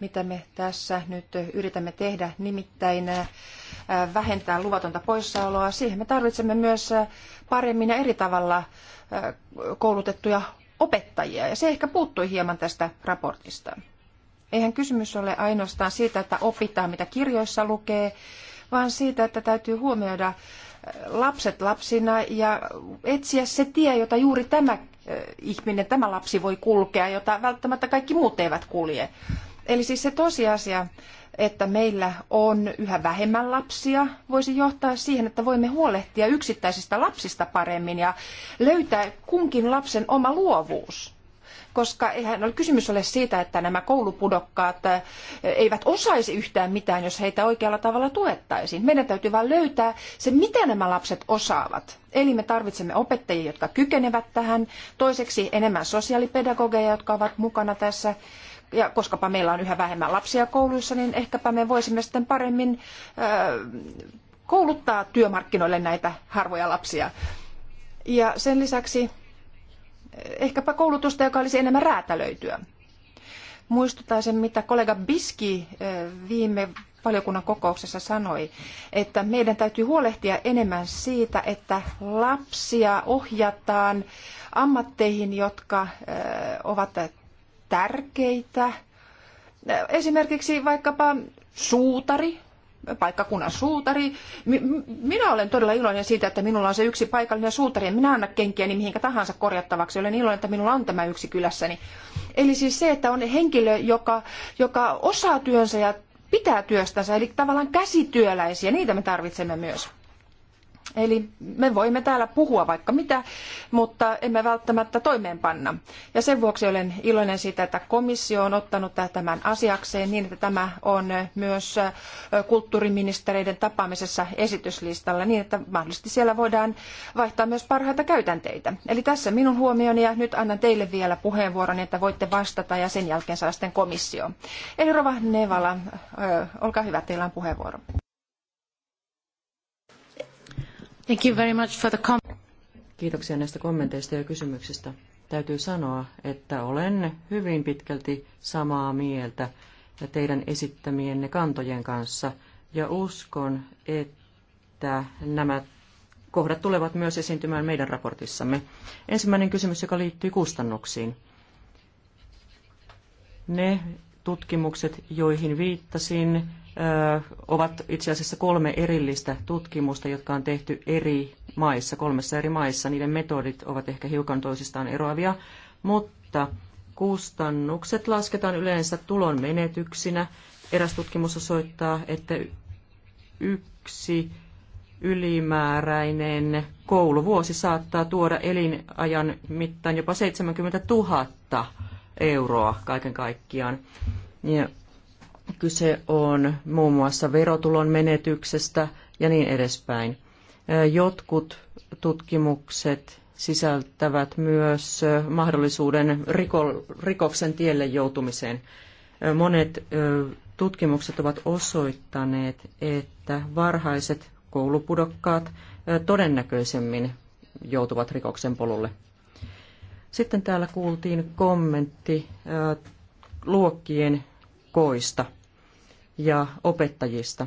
mitä me tässä nyt yritämme tehdä, nimittäin äh, vähentää luvatonta poissaoloa. Siihen me tarvitsemme myös äh, paremmin ja eri tavalla äh, koulutettuja opettajia, ja se ehkä puuttui hieman tästä raportista. Eihän kysymys ole ainoastaan siitä, että opitaan mitä kirjoissa lukee, vaan siitä, että täytyy huomioida lapset lapsina ja etsiä se tie, jota juuri tämä ihminen, tämä lapsi voi kulkea, jota välttämättä kaikki muut eivät kulje. Eli siis se tosiasia, että meillä on yhä vähemmän lapsia, voisi johtaa siihen, että voimme huolehtia yksittäisistä lapsista paremmin ja löytää kunkin lapsen oma luovuus. Koska eihän ole kysymys ole siitä, että nämä koulupudokkaat äh, eivät osaisi yhtään mitään, jos heitä oikealla tavalla tuettaisiin. Meidän täytyy vain löytää se, mitä nämä lapset osaavat. Eli me tarvitsemme opettajia, jotka kykenevät tähän. Toiseksi enemmän sosiaalipedagogeja, jotka ovat mukana tässä ja koskapa meillä on yhä vähemmän lapsia kouluissa, niin ehkäpä me voisimme sitten paremmin kouluttaa työmarkkinoille näitä harvoja lapsia. Ja sen lisäksi ehkäpä koulutusta, joka olisi enemmän räätälöityä. Muistuttaisin, mitä kollega Biski viime valiokunnan kokouksessa sanoi, että meidän täytyy huolehtia enemmän siitä, että lapsia ohjataan ammatteihin, jotka ovat tärkeitä. Esimerkiksi vaikkapa suutari, paikkakunnan suutari. Minä olen todella iloinen siitä, että minulla on se yksi paikallinen suutari. minä annan kenkiä niin mihinkä tahansa korjattavaksi. Olen iloinen, että minulla on tämä yksi kylässäni. Eli siis se, että on henkilö, joka, joka osaa työnsä ja pitää työstänsä, eli tavallaan käsityöläisiä, niitä me tarvitsemme myös. Eli me voimme täällä puhua vaikka mitä, mutta emme välttämättä toimeenpanna. Ja sen vuoksi olen iloinen siitä, että komissio on ottanut tämän asiakseen niin, että tämä on myös kulttuuriministereiden tapaamisessa esityslistalla niin, että mahdollisesti siellä voidaan vaihtaa myös parhaita käytänteitä. Eli tässä minun huomioni ja nyt annan teille vielä puheenvuoron, että voitte vastata ja sen jälkeen saa sitten komissio. Eli Rova Nevala, olkaa hyvä, teillä on puheenvuoro. Thank you very much for the com- Kiitoksia näistä kommenteista ja kysymyksistä. Täytyy sanoa, että olen hyvin pitkälti samaa mieltä teidän esittämienne kantojen kanssa ja uskon, että nämä kohdat tulevat myös esiintymään meidän raportissamme. Ensimmäinen kysymys, joka liittyy kustannuksiin. Ne tutkimukset, joihin viittasin, ovat itse asiassa kolme erillistä tutkimusta, jotka on tehty eri maissa, kolmessa eri maissa. Niiden metodit ovat ehkä hiukan toisistaan eroavia, mutta kustannukset lasketaan yleensä tulon menetyksinä. Eräs tutkimus osoittaa, että yksi ylimääräinen kouluvuosi saattaa tuoda elinajan mittaan jopa 70 000 euroa kaiken kaikkiaan. Ja kyse on muun muassa verotulon menetyksestä ja niin edespäin. Jotkut tutkimukset sisältävät myös mahdollisuuden riko, rikoksen tielle joutumiseen. Monet tutkimukset ovat osoittaneet, että varhaiset koulupudokkaat todennäköisemmin joutuvat rikoksen polulle. Sitten täällä kuultiin kommentti luokkien koista ja opettajista.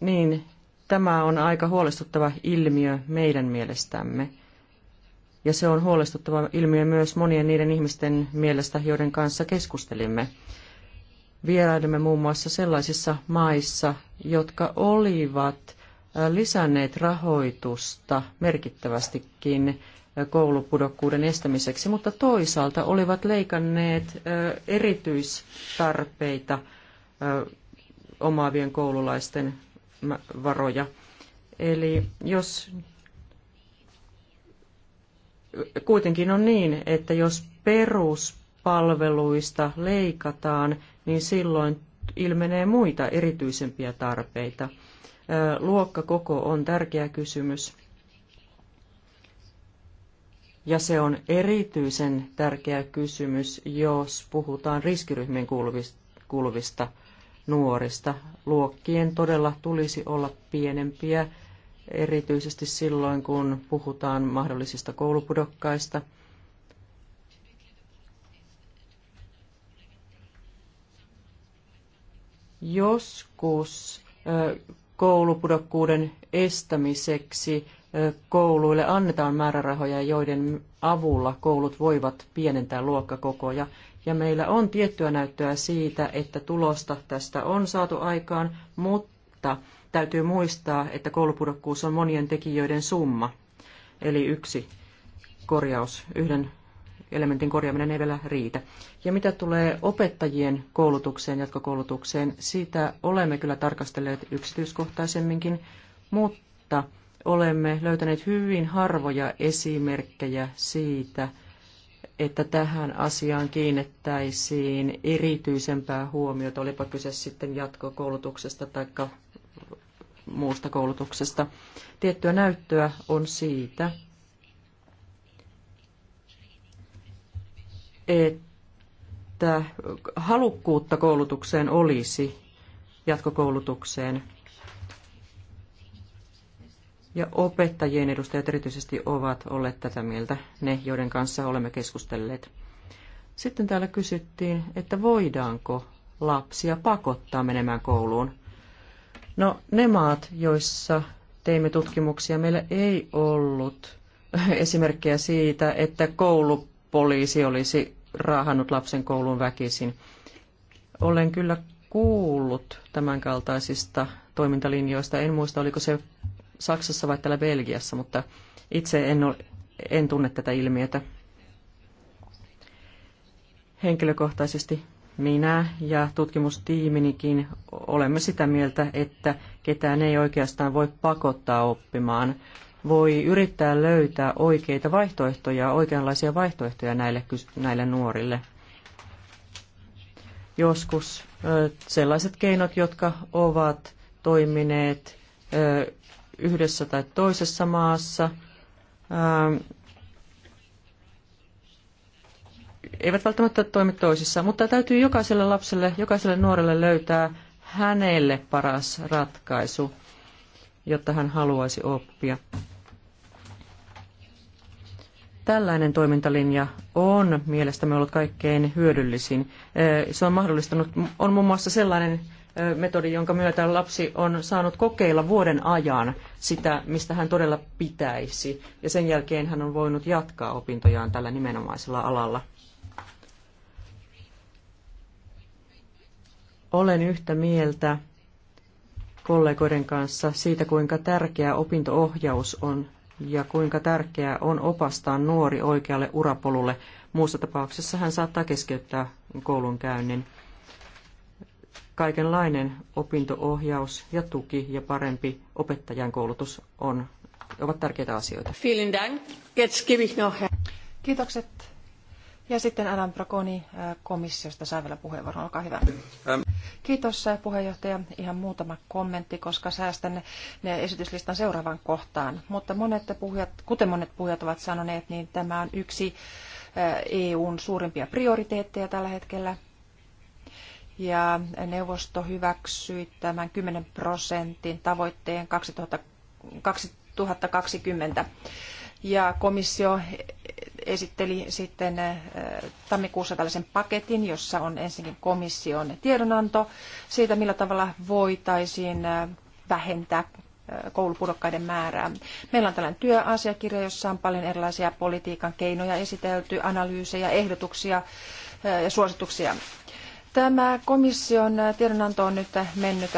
Niin, tämä on aika huolestuttava ilmiö meidän mielestämme. Ja se on huolestuttava ilmiö myös monien niiden ihmisten mielestä, joiden kanssa keskustelimme. Vierailimme muun muassa sellaisissa maissa, jotka olivat lisänneet rahoitusta merkittävästikin koulupudokkuuden estämiseksi, mutta toisaalta olivat leikanneet erityistarpeita omaavien koululaisten varoja. Eli jos kuitenkin on niin, että jos peruspalveluista leikataan, niin silloin ilmenee muita erityisempiä tarpeita – Luokkakoko on tärkeä kysymys. Ja se on erityisen tärkeä kysymys, jos puhutaan riskiryhmien kuuluvista nuorista. Luokkien todella tulisi olla pienempiä, erityisesti silloin, kun puhutaan mahdollisista koulupudokkaista. Joskus koulupudokkuuden estämiseksi kouluille annetaan määrärahoja, joiden avulla koulut voivat pienentää luokkakokoja. Ja meillä on tiettyä näyttöä siitä, että tulosta tästä on saatu aikaan, mutta täytyy muistaa, että koulupudokkuus on monien tekijöiden summa. Eli yksi korjaus, yhden elementin korjaaminen ei vielä riitä. Ja mitä tulee opettajien koulutukseen, jatkokoulutukseen, siitä olemme kyllä tarkastelleet yksityiskohtaisemminkin, mutta olemme löytäneet hyvin harvoja esimerkkejä siitä, että tähän asiaan kiinnittäisiin erityisempää huomiota, olipa kyse sitten jatkokoulutuksesta tai muusta koulutuksesta. Tiettyä näyttöä on siitä, että halukkuutta koulutukseen olisi, jatkokoulutukseen. Ja opettajien edustajat erityisesti ovat olleet tätä mieltä, ne joiden kanssa olemme keskustelleet. Sitten täällä kysyttiin, että voidaanko lapsia pakottaa menemään kouluun. No ne maat, joissa teimme tutkimuksia, meillä ei ollut esimerkkejä siitä, että koulu poliisi olisi raahannut lapsen kouluun väkisin. Olen kyllä kuullut tämänkaltaisista toimintalinjoista. En muista, oliko se Saksassa vai täällä Belgiassa, mutta itse en, ole, en tunne tätä ilmiötä. Henkilökohtaisesti minä ja tutkimustiiminikin olemme sitä mieltä, että ketään ei oikeastaan voi pakottaa oppimaan voi yrittää löytää oikeita vaihtoehtoja, oikeanlaisia vaihtoehtoja näille, näille nuorille. Joskus sellaiset keinot, jotka ovat toimineet yhdessä tai toisessa maassa, eivät välttämättä toimi toisissa, mutta täytyy jokaiselle lapselle, jokaiselle nuorelle löytää hänelle paras ratkaisu, jotta hän haluaisi oppia. Tällainen toimintalinja on mielestämme ollut kaikkein hyödyllisin. Se on mahdollistanut, on muun muassa sellainen metodi, jonka myötä lapsi on saanut kokeilla vuoden ajan sitä, mistä hän todella pitäisi. Ja sen jälkeen hän on voinut jatkaa opintojaan tällä nimenomaisella alalla. Olen yhtä mieltä kollegoiden kanssa siitä, kuinka tärkeä opintoohjaus on ja kuinka tärkeää on opastaa nuori oikealle urapolulle. Muussa tapauksessa hän saattaa keskeyttää koulunkäynnin. Kaikenlainen opintoohjaus ja tuki ja parempi opettajan koulutus on, ovat tärkeitä asioita. Vielen Dank. Jetzt gebe ich noch... Kiitokset. Ja sitten Alan Braconi äh, komissiosta saa vielä puheenvuoron. Olkaa hyvä. Ähm. Kiitos äh, puheenjohtaja. Ihan muutama kommentti, koska säästän ne esityslistan seuraavan kohtaan. Mutta monet puhujat, kuten monet puhujat ovat sanoneet, niin tämä on yksi äh, EUn suurimpia prioriteetteja tällä hetkellä. Ja neuvosto hyväksyi tämän 10 prosentin tavoitteen 2020 ja komissio esitteli sitten eh, tammikuussa tällaisen paketin, jossa on ensinnäkin komission tiedonanto siitä, millä tavalla voitaisiin eh, vähentää eh, koulupudokkaiden määrää. Meillä on tällainen työasiakirja, jossa on paljon erilaisia politiikan keinoja esitelty, analyysejä, ehdotuksia ja suosituksia. Tämä komission tiedonanto on nyt mennyt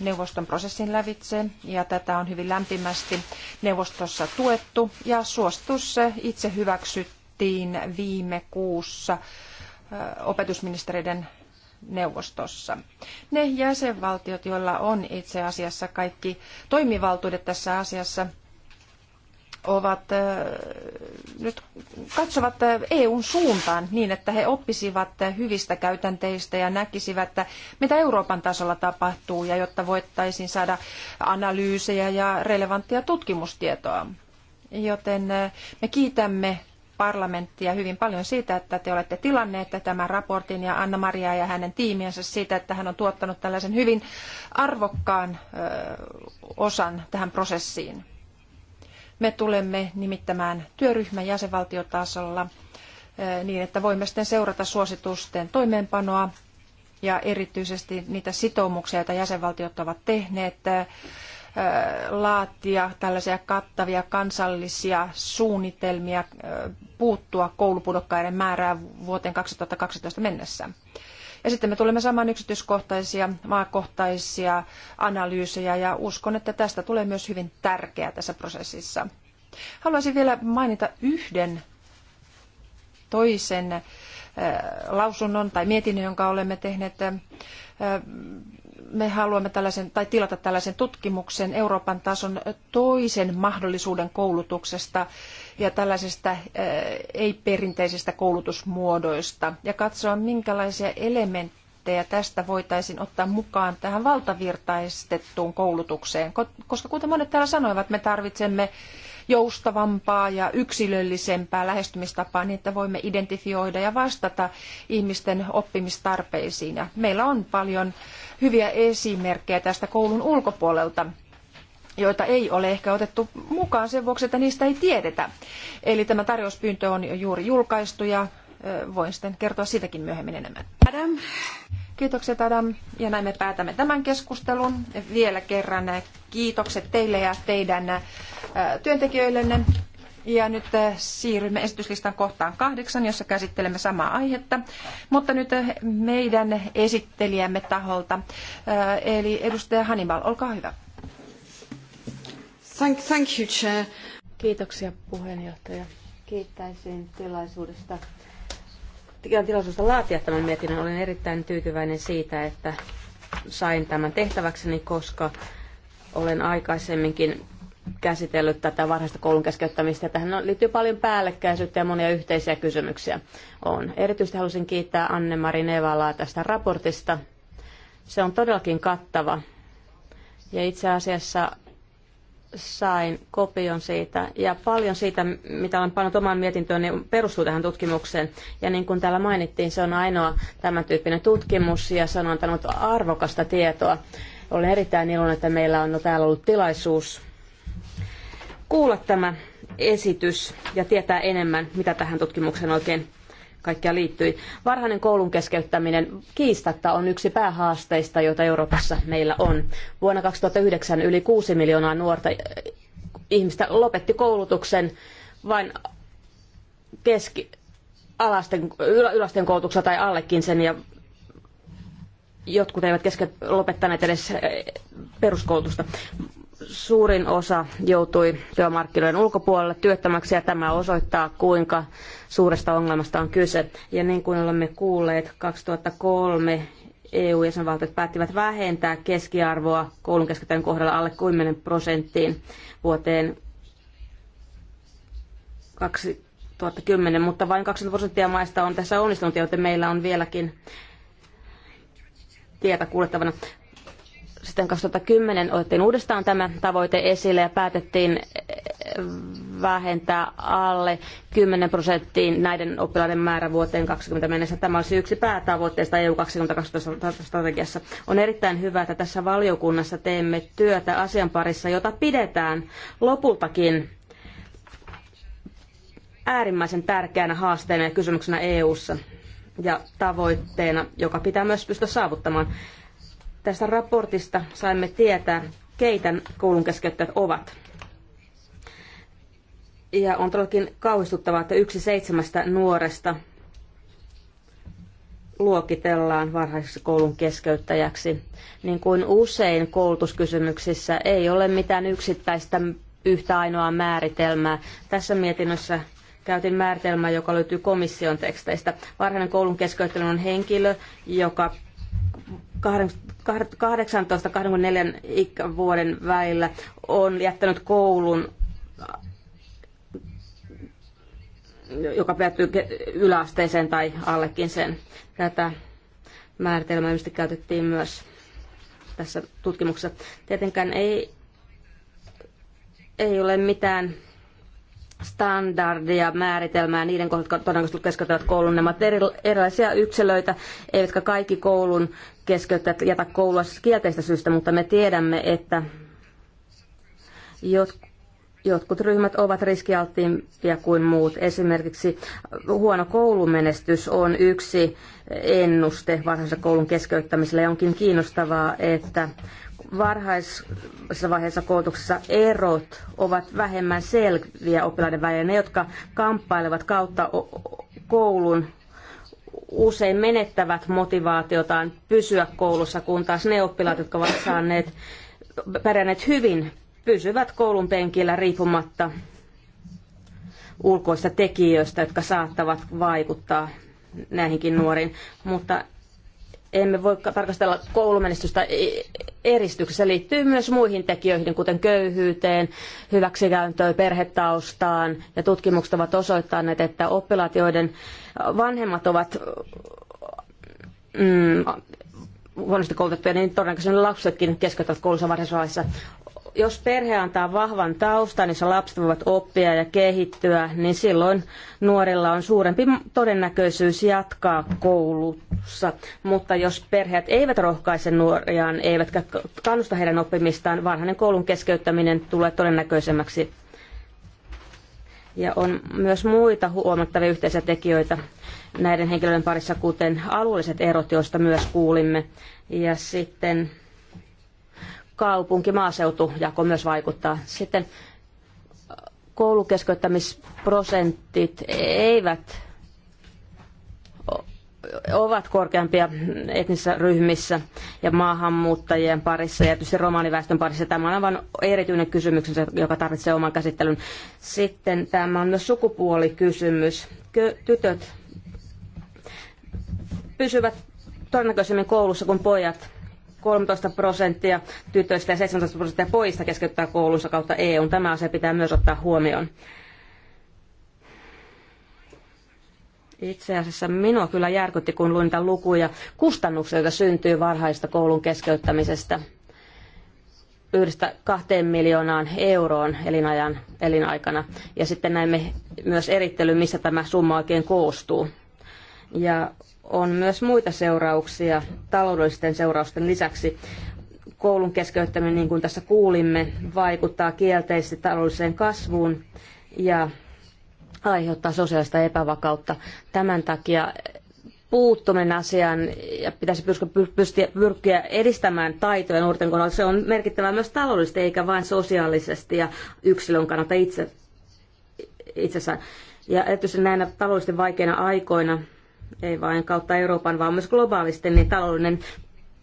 neuvoston prosessin lävitse ja tätä on hyvin lämpimästi neuvostossa tuettu ja suostus itse hyväksyttiin viime kuussa opetusministereiden neuvostossa. Ne jäsenvaltiot, joilla on itse asiassa kaikki toimivaltuudet tässä asiassa, ovat nyt katsovat EUn suuntaan niin, että he oppisivat hyvistä käytänteistä ja näkisivät, mitä Euroopan tasolla tapahtuu ja jotta voittaisiin saada analyysejä ja relevanttia tutkimustietoa. Joten me kiitämme parlamenttia hyvin paljon siitä, että te olette tilanneet tämän raportin ja Anna-Maria ja hänen tiimiensä siitä, että hän on tuottanut tällaisen hyvin arvokkaan osan tähän prosessiin. Me tulemme nimittämään työryhmän jäsenvaltiotasolla niin, että voimme sitten seurata suositusten toimeenpanoa ja erityisesti niitä sitoumuksia, joita jäsenvaltiot ovat tehneet, laatia tällaisia kattavia kansallisia suunnitelmia puuttua koulupudokkaiden määrään vuoteen 2012 mennessä. Ja sitten me tulemme saamaan yksityiskohtaisia, maakohtaisia analyysejä ja uskon, että tästä tulee myös hyvin tärkeää tässä prosessissa. Haluaisin vielä mainita yhden toisen äh, lausunnon tai mietinnön, jonka olemme tehneet äh, me haluamme tällaisen, tai tilata tällaisen tutkimuksen Euroopan tason toisen mahdollisuuden koulutuksesta ja tällaisista eh, ei-perinteisistä koulutusmuodoista ja katsoa, minkälaisia elementtejä tästä voitaisiin ottaa mukaan tähän valtavirtaistettuun koulutukseen, koska kuten monet täällä sanoivat, me tarvitsemme joustavampaa ja yksilöllisempää lähestymistapaa niin, että voimme identifioida ja vastata ihmisten oppimistarpeisiin. Ja meillä on paljon hyviä esimerkkejä tästä koulun ulkopuolelta joita ei ole ehkä otettu mukaan sen vuoksi, että niistä ei tiedetä. Eli tämä tarjouspyyntö on juuri julkaistu ja voin sitten kertoa siitäkin myöhemmin enemmän. Adam. Kiitokset Adam ja näin me päätämme tämän keskustelun. Vielä kerran kiitokset teille ja teidän äh, työntekijöillenne. Ja nyt äh, siirrymme esityslistan kohtaan kahdeksan, jossa käsittelemme samaa aihetta, mutta nyt äh, meidän esittelijämme taholta, eli edustaja Hannibal, olkaa hyvä. Thank, thank you, Chair. Kiitoksia puheenjohtaja. Kiittäisin tilaisuudesta tilaisuudesta laatia tämän mietinnön. Olen erittäin tyytyväinen siitä, että sain tämän tehtäväkseni, koska olen aikaisemminkin käsitellyt tätä varhaista koulun keskeyttämistä. Tähän liittyy paljon päällekkäisyyttä ja monia yhteisiä kysymyksiä on. Erityisesti halusin kiittää Anne-Mari Nevalaa tästä raportista. Se on todellakin kattava. Ja itse asiassa sain kopion siitä ja paljon siitä, mitä olen pannut omaan mietintöön, niin perustuu tähän tutkimukseen. Ja niin kuin täällä mainittiin, se on ainoa tämän tyyppinen tutkimus ja se on antanut arvokasta tietoa. Olen erittäin iloinen, että meillä on no, täällä ollut tilaisuus kuulla tämä esitys ja tietää enemmän, mitä tähän tutkimukseen oikein kaikkia liittyi. Varhainen koulun keskeyttäminen kiistatta on yksi päähaasteista, joita Euroopassa meillä on. Vuonna 2009 yli 6 miljoonaa nuorta eh, ihmistä lopetti koulutuksen vain keski, alasten, koulutuksella tai allekin sen ja jotkut eivät kesken lopettaneet edes eh, peruskoulutusta suurin osa joutui työmarkkinoiden ulkopuolelle työttömäksi ja tämä osoittaa, kuinka suuresta ongelmasta on kyse. Ja niin kuin olemme kuulleet, 2003 EU-jäsenvaltiot päättivät vähentää keskiarvoa koulun kohdalla alle 10 prosenttiin vuoteen 2010, mutta vain 20 prosenttia maista on tässä onnistunut, joten meillä on vieläkin tietä kuljettavana sitten 2010 otettiin uudestaan tämä tavoite esille ja päätettiin eh, vähentää alle 10 prosenttiin näiden oppilaiden määrä vuoteen 2020 mennessä. Tämä olisi yksi päätavoitteista EU 2020 strategiassa. On erittäin hyvä, että tässä valiokunnassa teemme työtä asian parissa, jota pidetään lopultakin äärimmäisen tärkeänä haasteena ja kysymyksenä EU:ssa ja tavoitteena, joka pitää myös pystyä saavuttamaan. Tästä raportista saimme tietää, keitä koulunkeskeyttäjät ovat. Ja on todellakin kauhistuttavaa, että yksi seitsemästä nuoresta luokitellaan varhaisessa koulun keskeyttäjäksi. Niin kuin usein koulutuskysymyksissä ei ole mitään yksittäistä yhtä ainoaa määritelmää. Tässä mietinnössä käytin määritelmää, joka löytyy komission teksteistä. Varhainen koulun keskeyttäminen on henkilö, joka 18-24 ikävuoden väillä on jättänyt koulun joka päättyy yläasteeseen tai allekin sen. Tätä määritelmää mistä käytettiin myös tässä tutkimuksessa. Tietenkään ei, ei ole mitään standardia, määritelmää niiden kohdalla, jotka todennäköisesti keskeyttävät koulun. Nämä ovat erilaisia yksilöitä, eivätkä kaikki koulun keskeyttäjät jätä koulua siis kielteistä syystä, mutta me tiedämme, että jotkut ryhmät ovat riskialttiimpia kuin muut. Esimerkiksi huono koulumenestys on yksi ennuste varhaisen koulun keskeyttämiselle. Ja onkin kiinnostavaa, että varhaisessa vaiheessa koulutuksessa erot ovat vähemmän selviä oppilaiden välillä. Ne, jotka kamppailevat kautta koulun, usein menettävät motivaatiotaan pysyä koulussa, kun taas ne oppilaat, jotka ovat saaneet pärjänneet hyvin, pysyvät koulun penkillä riippumatta ulkoista tekijöistä, jotka saattavat vaikuttaa näihinkin nuoriin. Mutta emme voi tarkastella koulumenestystä e- eristyksessä. Se liittyy myös muihin tekijöihin, kuten köyhyyteen, hyväksikäyntöön, perhetaustaan. Ja tutkimukset ovat osoittaneet, että oppilaat, joiden vanhemmat ovat mm, huonosti koulutettuja, niin todennäköisesti lapsetkin keskeyttävät koulunsa varhaisvaiheessa jos perhe antaa vahvan taustan, jossa lapset voivat oppia ja kehittyä, niin silloin nuorilla on suurempi todennäköisyys jatkaa koulussa. Mutta jos perheet eivät rohkaise nuoriaan, eivätkä kannusta heidän oppimistaan, varhainen koulun keskeyttäminen tulee todennäköisemmäksi. Ja on myös muita huomattavia yhteisiä tekijöitä näiden henkilöiden parissa, kuten alueelliset erot, joista myös kuulimme. Ja sitten kaupunki-maaseutu-jako myös vaikuttaa. Sitten äh, koulukeskeyttämisprosentit eivät ovat korkeampia etnisissä ryhmissä ja maahanmuuttajien parissa ja tietysti romaaniväestön parissa. Tämä on aivan erityinen kysymys, joka tarvitsee oman käsittelyn. Sitten tämä on myös sukupuolikysymys. Tytöt pysyvät todennäköisemmin koulussa kuin pojat 13 prosenttia tytöistä ja 17 prosenttia poista keskeyttää koulunsa kautta EU. Tämä asia pitää myös ottaa huomioon. Itse asiassa minua kyllä järkytti, kun luin niitä lukuja kustannuksia, joita syntyy varhaista koulun keskeyttämisestä yhdestä kahteen miljoonaan euroon elinajan, elinaikana. Ja sitten näimme myös erittelyn, missä tämä summa oikein koostuu. Ja on myös muita seurauksia taloudellisten seurausten lisäksi. Koulun keskeyttäminen, niin kuin tässä kuulimme, vaikuttaa kielteisesti taloudelliseen kasvuun ja aiheuttaa sosiaalista epävakautta. Tämän takia puuttuminen asiaan ja pitäisi pyrkiä edistämään taitoja nuorten kohdalla. Se on merkittävää myös taloudellisesti eikä vain sosiaalisesti ja yksilön kannalta itse, itsessään. Ja erityisesti näinä taloudellisesti vaikeina aikoina ei vain kautta Euroopan, vaan myös globaalisti, niin taloudellinen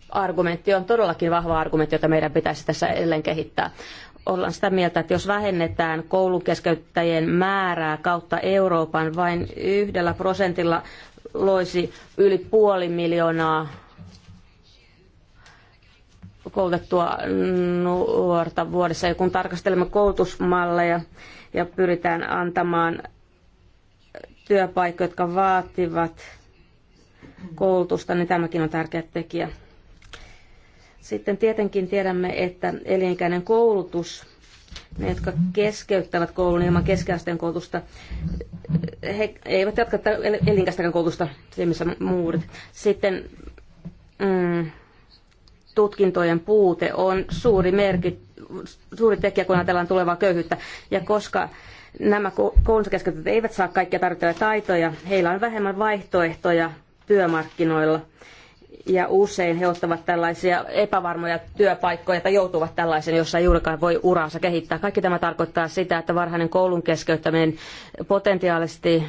argumentti on todellakin vahva argumentti, jota meidän pitäisi tässä edelleen kehittää. Ollaan sitä mieltä, että jos vähennetään koulukeskeyttäjien määrää kautta Euroopan vain yhdellä prosentilla loisi yli puoli miljoonaa koulutettua nuorta vuodessa. Ja kun tarkastelemme koulutusmalleja ja pyritään antamaan työpaikkoja, jotka vaativat koulutusta, niin tämäkin on tärkeä tekijä. Sitten tietenkin tiedämme, että elinikäinen koulutus, ne jotka keskeyttävät koulun ilman keskiasteen koulutusta, he eivät jatka elinkäistäkään koulutusta, missä muurit. Sitten mm, tutkintojen puute on suuri, merki, suuri tekijä, kun ajatellaan tulevaa köyhyyttä. Ja koska nämä koulunsa eivät saa kaikkia tarvittavia taitoja, heillä on vähemmän vaihtoehtoja työmarkkinoilla. Ja usein he ottavat tällaisia epävarmoja työpaikkoja tai joutuvat tällaisen, jossa ei juurikaan voi uraansa kehittää. Kaikki tämä tarkoittaa sitä, että varhainen koulun keskeyttäminen potentiaalisesti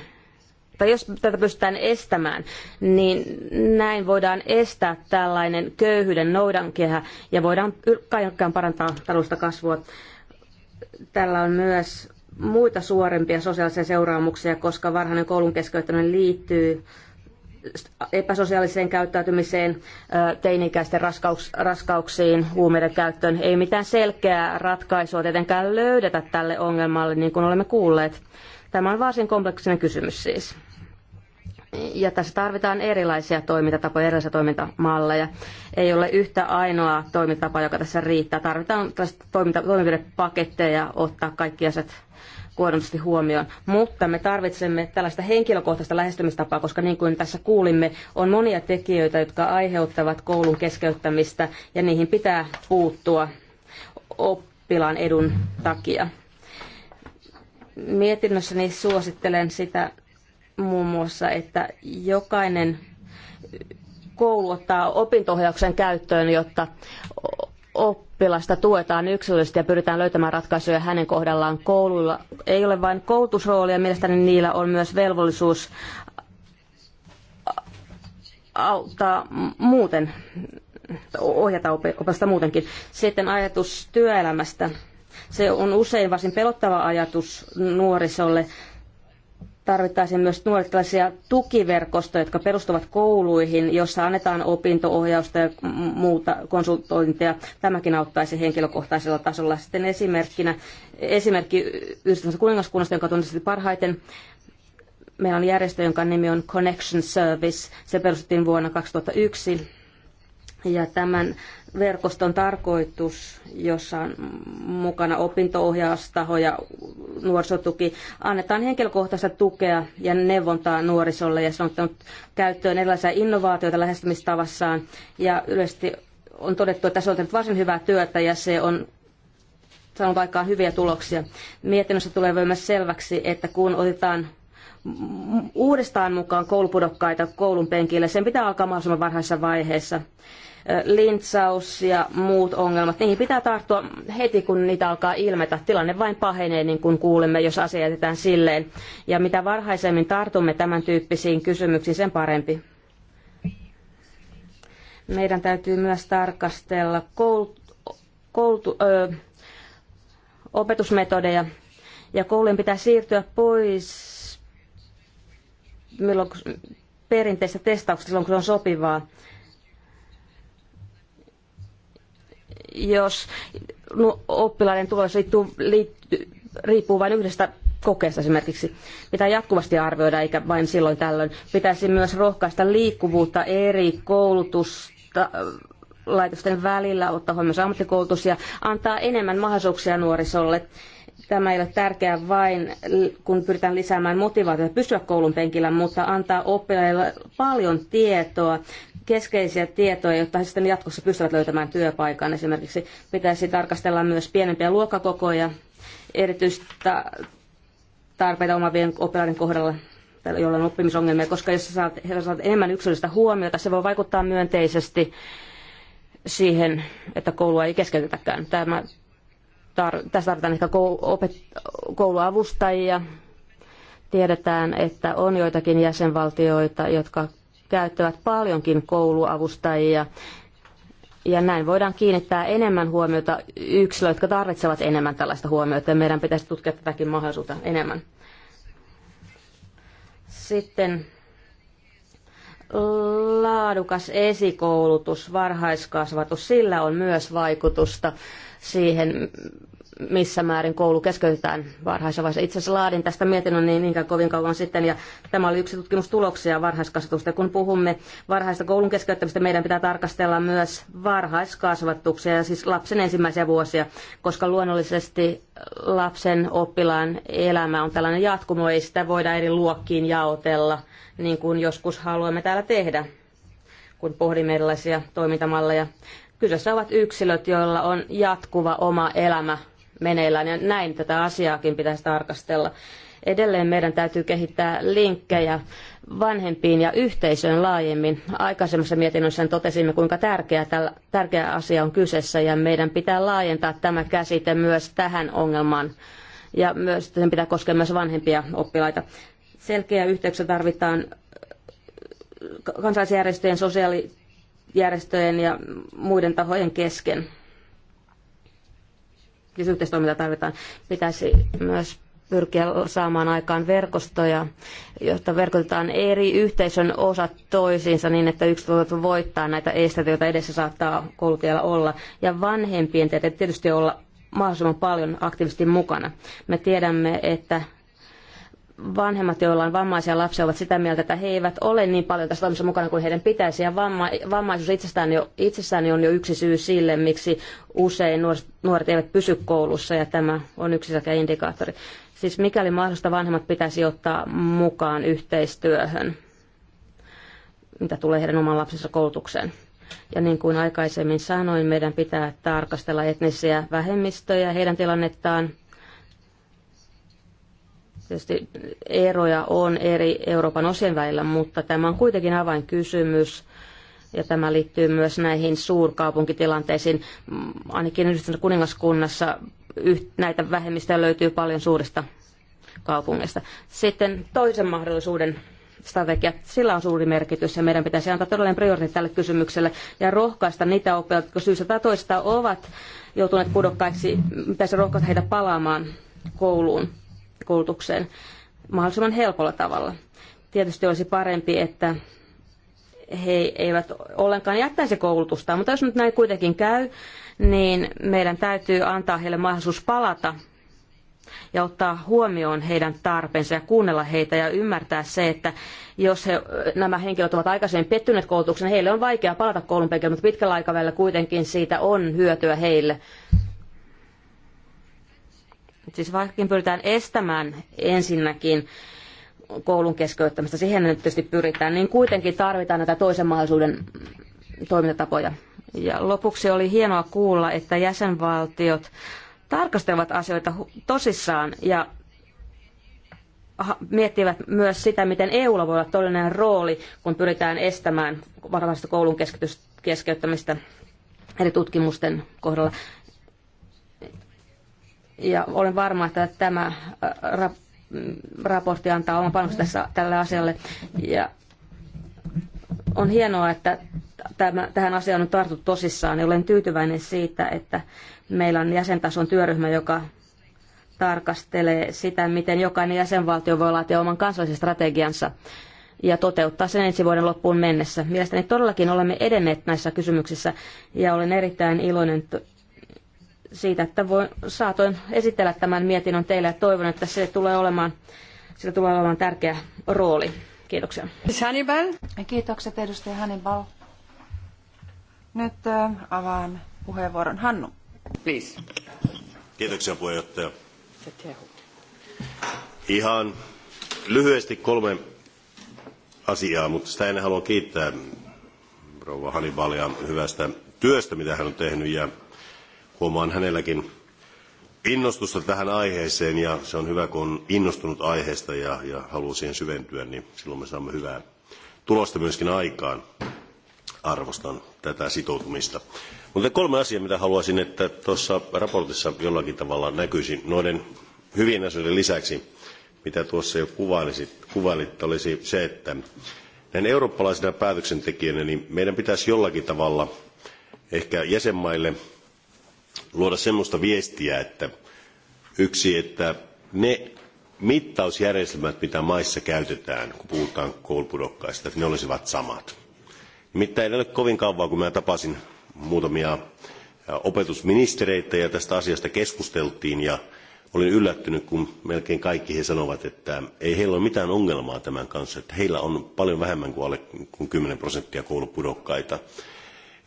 tai jos tätä pystytään estämään, niin näin voidaan estää tällainen köyhyyden noudankehä ja voidaan kaikkiaan parantaa taloudellista kasvua. Tällä on myös muita suorempia sosiaalisia seuraamuksia, koska varhainen koulun keskeyttäminen liittyy epäsosiaaliseen käyttäytymiseen, teini-ikäisten raskauks, raskauksiin, huumeiden käyttöön. Ei mitään selkeää ratkaisua tietenkään löydetä tälle ongelmalle, niin kuin olemme kuulleet. Tämä on varsin kompleksinen kysymys siis. Ja tässä tarvitaan erilaisia toimintatapoja, erilaisia toimintamalleja. Ei ole yhtä ainoa toimintatapa, joka tässä riittää. Tarvitaan toiminta, toimenpidepaketteja ottaa kaikki asiat kuodomasti huomioon. Mutta me tarvitsemme tällaista henkilökohtaista lähestymistapaa, koska niin kuin tässä kuulimme, on monia tekijöitä, jotka aiheuttavat koulun keskeyttämistä ja niihin pitää puuttua oppilaan edun takia. Mietinnössäni suosittelen sitä muun muassa, että jokainen koulu ottaa opintohjauksen käyttöön, jotta oppilasta tuetaan yksilöllisesti ja pyritään löytämään ratkaisuja hänen kohdallaan kouluilla. Ei ole vain koulutusroolia, mielestäni niillä on myös velvollisuus auttaa muuten, ohjata opasta muutenkin. Sitten ajatus työelämästä. Se on usein varsin pelottava ajatus nuorisolle tarvittaisiin myös nuoret tällaisia tukiverkostoja, jotka perustuvat kouluihin, jossa annetaan opinto-ohjausta ja muuta konsultointia. Tämäkin auttaisi henkilökohtaisella tasolla. Sitten esimerkkinä, esimerkki yhdistyneestä kuningaskunnasta, jonka tunnistettiin parhaiten, meillä on järjestö, jonka nimi on Connection Service. Se perustettiin vuonna 2001. Ja tämän verkoston tarkoitus, jossa on mukana opinto ja nuorisotuki. Annetaan henkilökohtaista tukea ja neuvontaa nuorisolle ja se on ottanut käyttöön erilaisia innovaatioita lähestymistavassaan ja yleisesti on todettu, että se on tehnyt varsin hyvää työtä ja se on saanut aikaan hyviä tuloksia. Mietinnössä tulee myös selväksi, että kun otetaan uudestaan mukaan koulupudokkaita koulun penkille, sen pitää alkaa mahdollisimman varhaisessa vaiheessa lintsaus ja muut ongelmat, niihin pitää tarttua heti, kun niitä alkaa ilmetä. Tilanne vain pahenee, niin kuin kuulimme, jos asia jätetään silleen. Ja mitä varhaisemmin tartumme tämän tyyppisiin kysymyksiin, sen parempi. Meidän täytyy myös tarkastella koulut, koulutu, ö, opetusmetodeja ja koulujen pitää siirtyä pois milloin perinteistä testauksesta silloin, kun se on sopivaa. jos oppilaiden tulos liittyy, liittyy, riippuu vain yhdestä kokeesta esimerkiksi. Pitää jatkuvasti arvioida, eikä vain silloin tällöin. Pitäisi myös rohkaista liikkuvuutta eri koulutusta laitosten välillä, ottaa huomioon ammattikoulutus ja antaa enemmän mahdollisuuksia nuorisolle Tämä ei ole tärkeää vain, kun pyritään lisäämään motivaatiota pysyä koulun penkillä, mutta antaa oppilaille paljon tietoa, keskeisiä tietoja, jotta he sitten jatkossa pystyvät löytämään työpaikan. Esimerkiksi pitäisi tarkastella myös pienempiä luokkakokoja, erityistä tarpeita omavien oppilaiden kohdalla joilla on oppimisongelmia, koska jos saat, he saat enemmän yksilöllistä huomiota, se voi vaikuttaa myönteisesti siihen, että koulua ei keskeytetäkään. Tämä tar- tässä tarvitaan ehkä opet- kouluavustajia. Tiedetään, että on joitakin jäsenvaltioita, jotka käyttävät paljonkin kouluavustajia. Ja näin voidaan kiinnittää enemmän huomiota yksilöitä, jotka tarvitsevat enemmän tällaista huomiota. Ja meidän pitäisi tutkia tätäkin mahdollisuutta enemmän. Sitten laadukas esikoulutus, varhaiskasvatus, sillä on myös vaikutusta siihen, missä määrin koulu keskeytetään varhaisessa vaiheessa. Itse asiassa laadin tästä mietinnön niin niinkään kovin kauan sitten, ja tämä oli yksi tutkimustuloksia varhaiskasvatusta. Kun puhumme varhaista koulun keskeyttämistä, meidän pitää tarkastella myös varhaiskasvatuksia, siis lapsen ensimmäisiä vuosia, koska luonnollisesti lapsen oppilaan elämä on tällainen jatkumo, ei sitä voida eri luokkiin jaotella, niin kuin joskus haluamme täällä tehdä, kun pohdimme erilaisia toimintamalleja. Kyseessä ovat yksilöt, joilla on jatkuva oma elämä meneillään ja näin tätä asiaakin pitäisi tarkastella. Edelleen meidän täytyy kehittää linkkejä vanhempiin ja yhteisöön laajemmin. Aikaisemmassa mietinnössä totesimme, kuinka tärkeä, tällä, tärkeä asia on kyseessä ja meidän pitää laajentaa tämä käsite myös tähän ongelmaan. Ja myös, sen pitää koskea myös vanhempia oppilaita. Selkeä yhteyksiä tarvitaan äh, kansalaisjärjestöjen, sosiaalijärjestöjen ja muiden tahojen kesken yhteistoimintaa tarvitaan. Pitäisi myös pyrkiä saamaan aikaan verkostoja, jotta verkotetaan eri yhteisön osat toisiinsa niin, että yksilöt voi voittaa näitä esteitä, joita edessä saattaa koulutiellä olla. Ja vanhempien täytyy tietysti olla mahdollisimman paljon aktiivisesti mukana. Me tiedämme, että vanhemmat, joilla on vammaisia lapsia, ovat sitä mieltä, että he eivät ole niin paljon tässä toimissa mukana kuin heidän pitäisi. Ja vamma- vammaisuus itsestään, jo, itsessään on jo yksi syy sille, miksi usein nuoret, nuoret eivät pysy koulussa, ja tämä on yksi sekä indikaattori. Siis mikäli mahdollista, vanhemmat pitäisi ottaa mukaan yhteistyöhön, mitä tulee heidän oman lapsensa koulutukseen. Ja niin kuin aikaisemmin sanoin, meidän pitää tarkastella etnisiä vähemmistöjä, heidän tilannettaan, Tietysti eroja on eri Euroopan osien välillä, mutta tämä on kuitenkin avainkysymys. Ja tämä liittyy myös näihin suurkaupunkitilanteisiin. Ainakin yhdistyneessä kuningaskunnassa näitä vähemmistöjä löytyy paljon suurista kaupungeista. Sitten toisen mahdollisuuden strategia, sillä on suuri merkitys ja meidän pitäisi antaa todellinen prioriteetti tälle kysymykselle ja rohkaista niitä oppilaita, jotka syystä tai toista ovat joutuneet pudokkaiksi, pitäisi rohkaista heitä palaamaan kouluun koulutukseen mahdollisimman helpolla tavalla. Tietysti olisi parempi, että he eivät ollenkaan jättäisi koulutusta, mutta jos nyt näin kuitenkin käy, niin meidän täytyy antaa heille mahdollisuus palata ja ottaa huomioon heidän tarpeensa ja kuunnella heitä ja ymmärtää se, että jos he, nämä henkilöt ovat aikaisemmin pettyneet koulutuksen, heille on vaikea palata koulun penkille, mutta pitkällä aikavälillä kuitenkin siitä on hyötyä heille. Siis vaikkakin pyritään estämään ensinnäkin koulun keskeyttämistä, siihen nyt tietysti pyritään, niin kuitenkin tarvitaan näitä toisen mahdollisuuden toimintatapoja. Ja lopuksi oli hienoa kuulla, että jäsenvaltiot tarkastelevat asioita tosissaan ja miettivät myös sitä, miten EUlla voi olla todellinen rooli, kun pyritään estämään varhaista koulun keskeyttämistä eri tutkimusten kohdalla. Ja olen varma, että tämä äh, raportti antaa oman panoksen tässä, tälle asialle. Ja on hienoa, että tämä, tähän asiaan on tartut tosissaan ja olen tyytyväinen siitä, että meillä on jäsentason työryhmä, joka tarkastelee sitä, miten jokainen jäsenvaltio voi laatia oman kansallisen strategiansa ja toteuttaa sen ensi vuoden loppuun mennessä. Mielestäni todellakin olemme edenneet näissä kysymyksissä ja olen erittäin iloinen siitä, että voin, saatoin esitellä tämän mietinnön teille ja toivon, että se tulee olemaan, sillä tulee olemaan tärkeä rooli. Kiitoksia. Hannibal. Kiitokset edustaja Hannibal. Nyt avaan puheenvuoron Hannu. Please. Kiitoksia puheenjohtaja. Ihan lyhyesti kolme asiaa, mutta sitä ennen haluan kiittää rouva Hannibalia hyvästä työstä, mitä hän on tehnyt ja Huomaan hänelläkin innostusta tähän aiheeseen ja se on hyvä, kun on innostunut aiheesta ja, ja haluaa siihen syventyä, niin silloin me saamme hyvää tulosta myöskin aikaan. Arvostan tätä sitoutumista. Mutta kolme asiaa, mitä haluaisin, että tuossa raportissa jollakin tavalla näkyisi noiden hyvien asioiden lisäksi, mitä tuossa jo kuvailit, kuvailit olisi se, että näin eurooppalaisina päätöksentekijöinä niin meidän pitäisi jollakin tavalla ehkä jäsenmaille – luoda sellaista viestiä, että yksi, että ne mittausjärjestelmät, mitä maissa käytetään, kun puhutaan koulupudokkaista, ne olisivat samat. Nimittäin ei ole kovin kauan, kun mä tapasin muutamia opetusministereitä ja tästä asiasta keskusteltiin ja olin yllättynyt, kun melkein kaikki he sanovat, että ei heillä ole mitään ongelmaa tämän kanssa, että heillä on paljon vähemmän kuin alle kuin 10 prosenttia koulupudokkaita.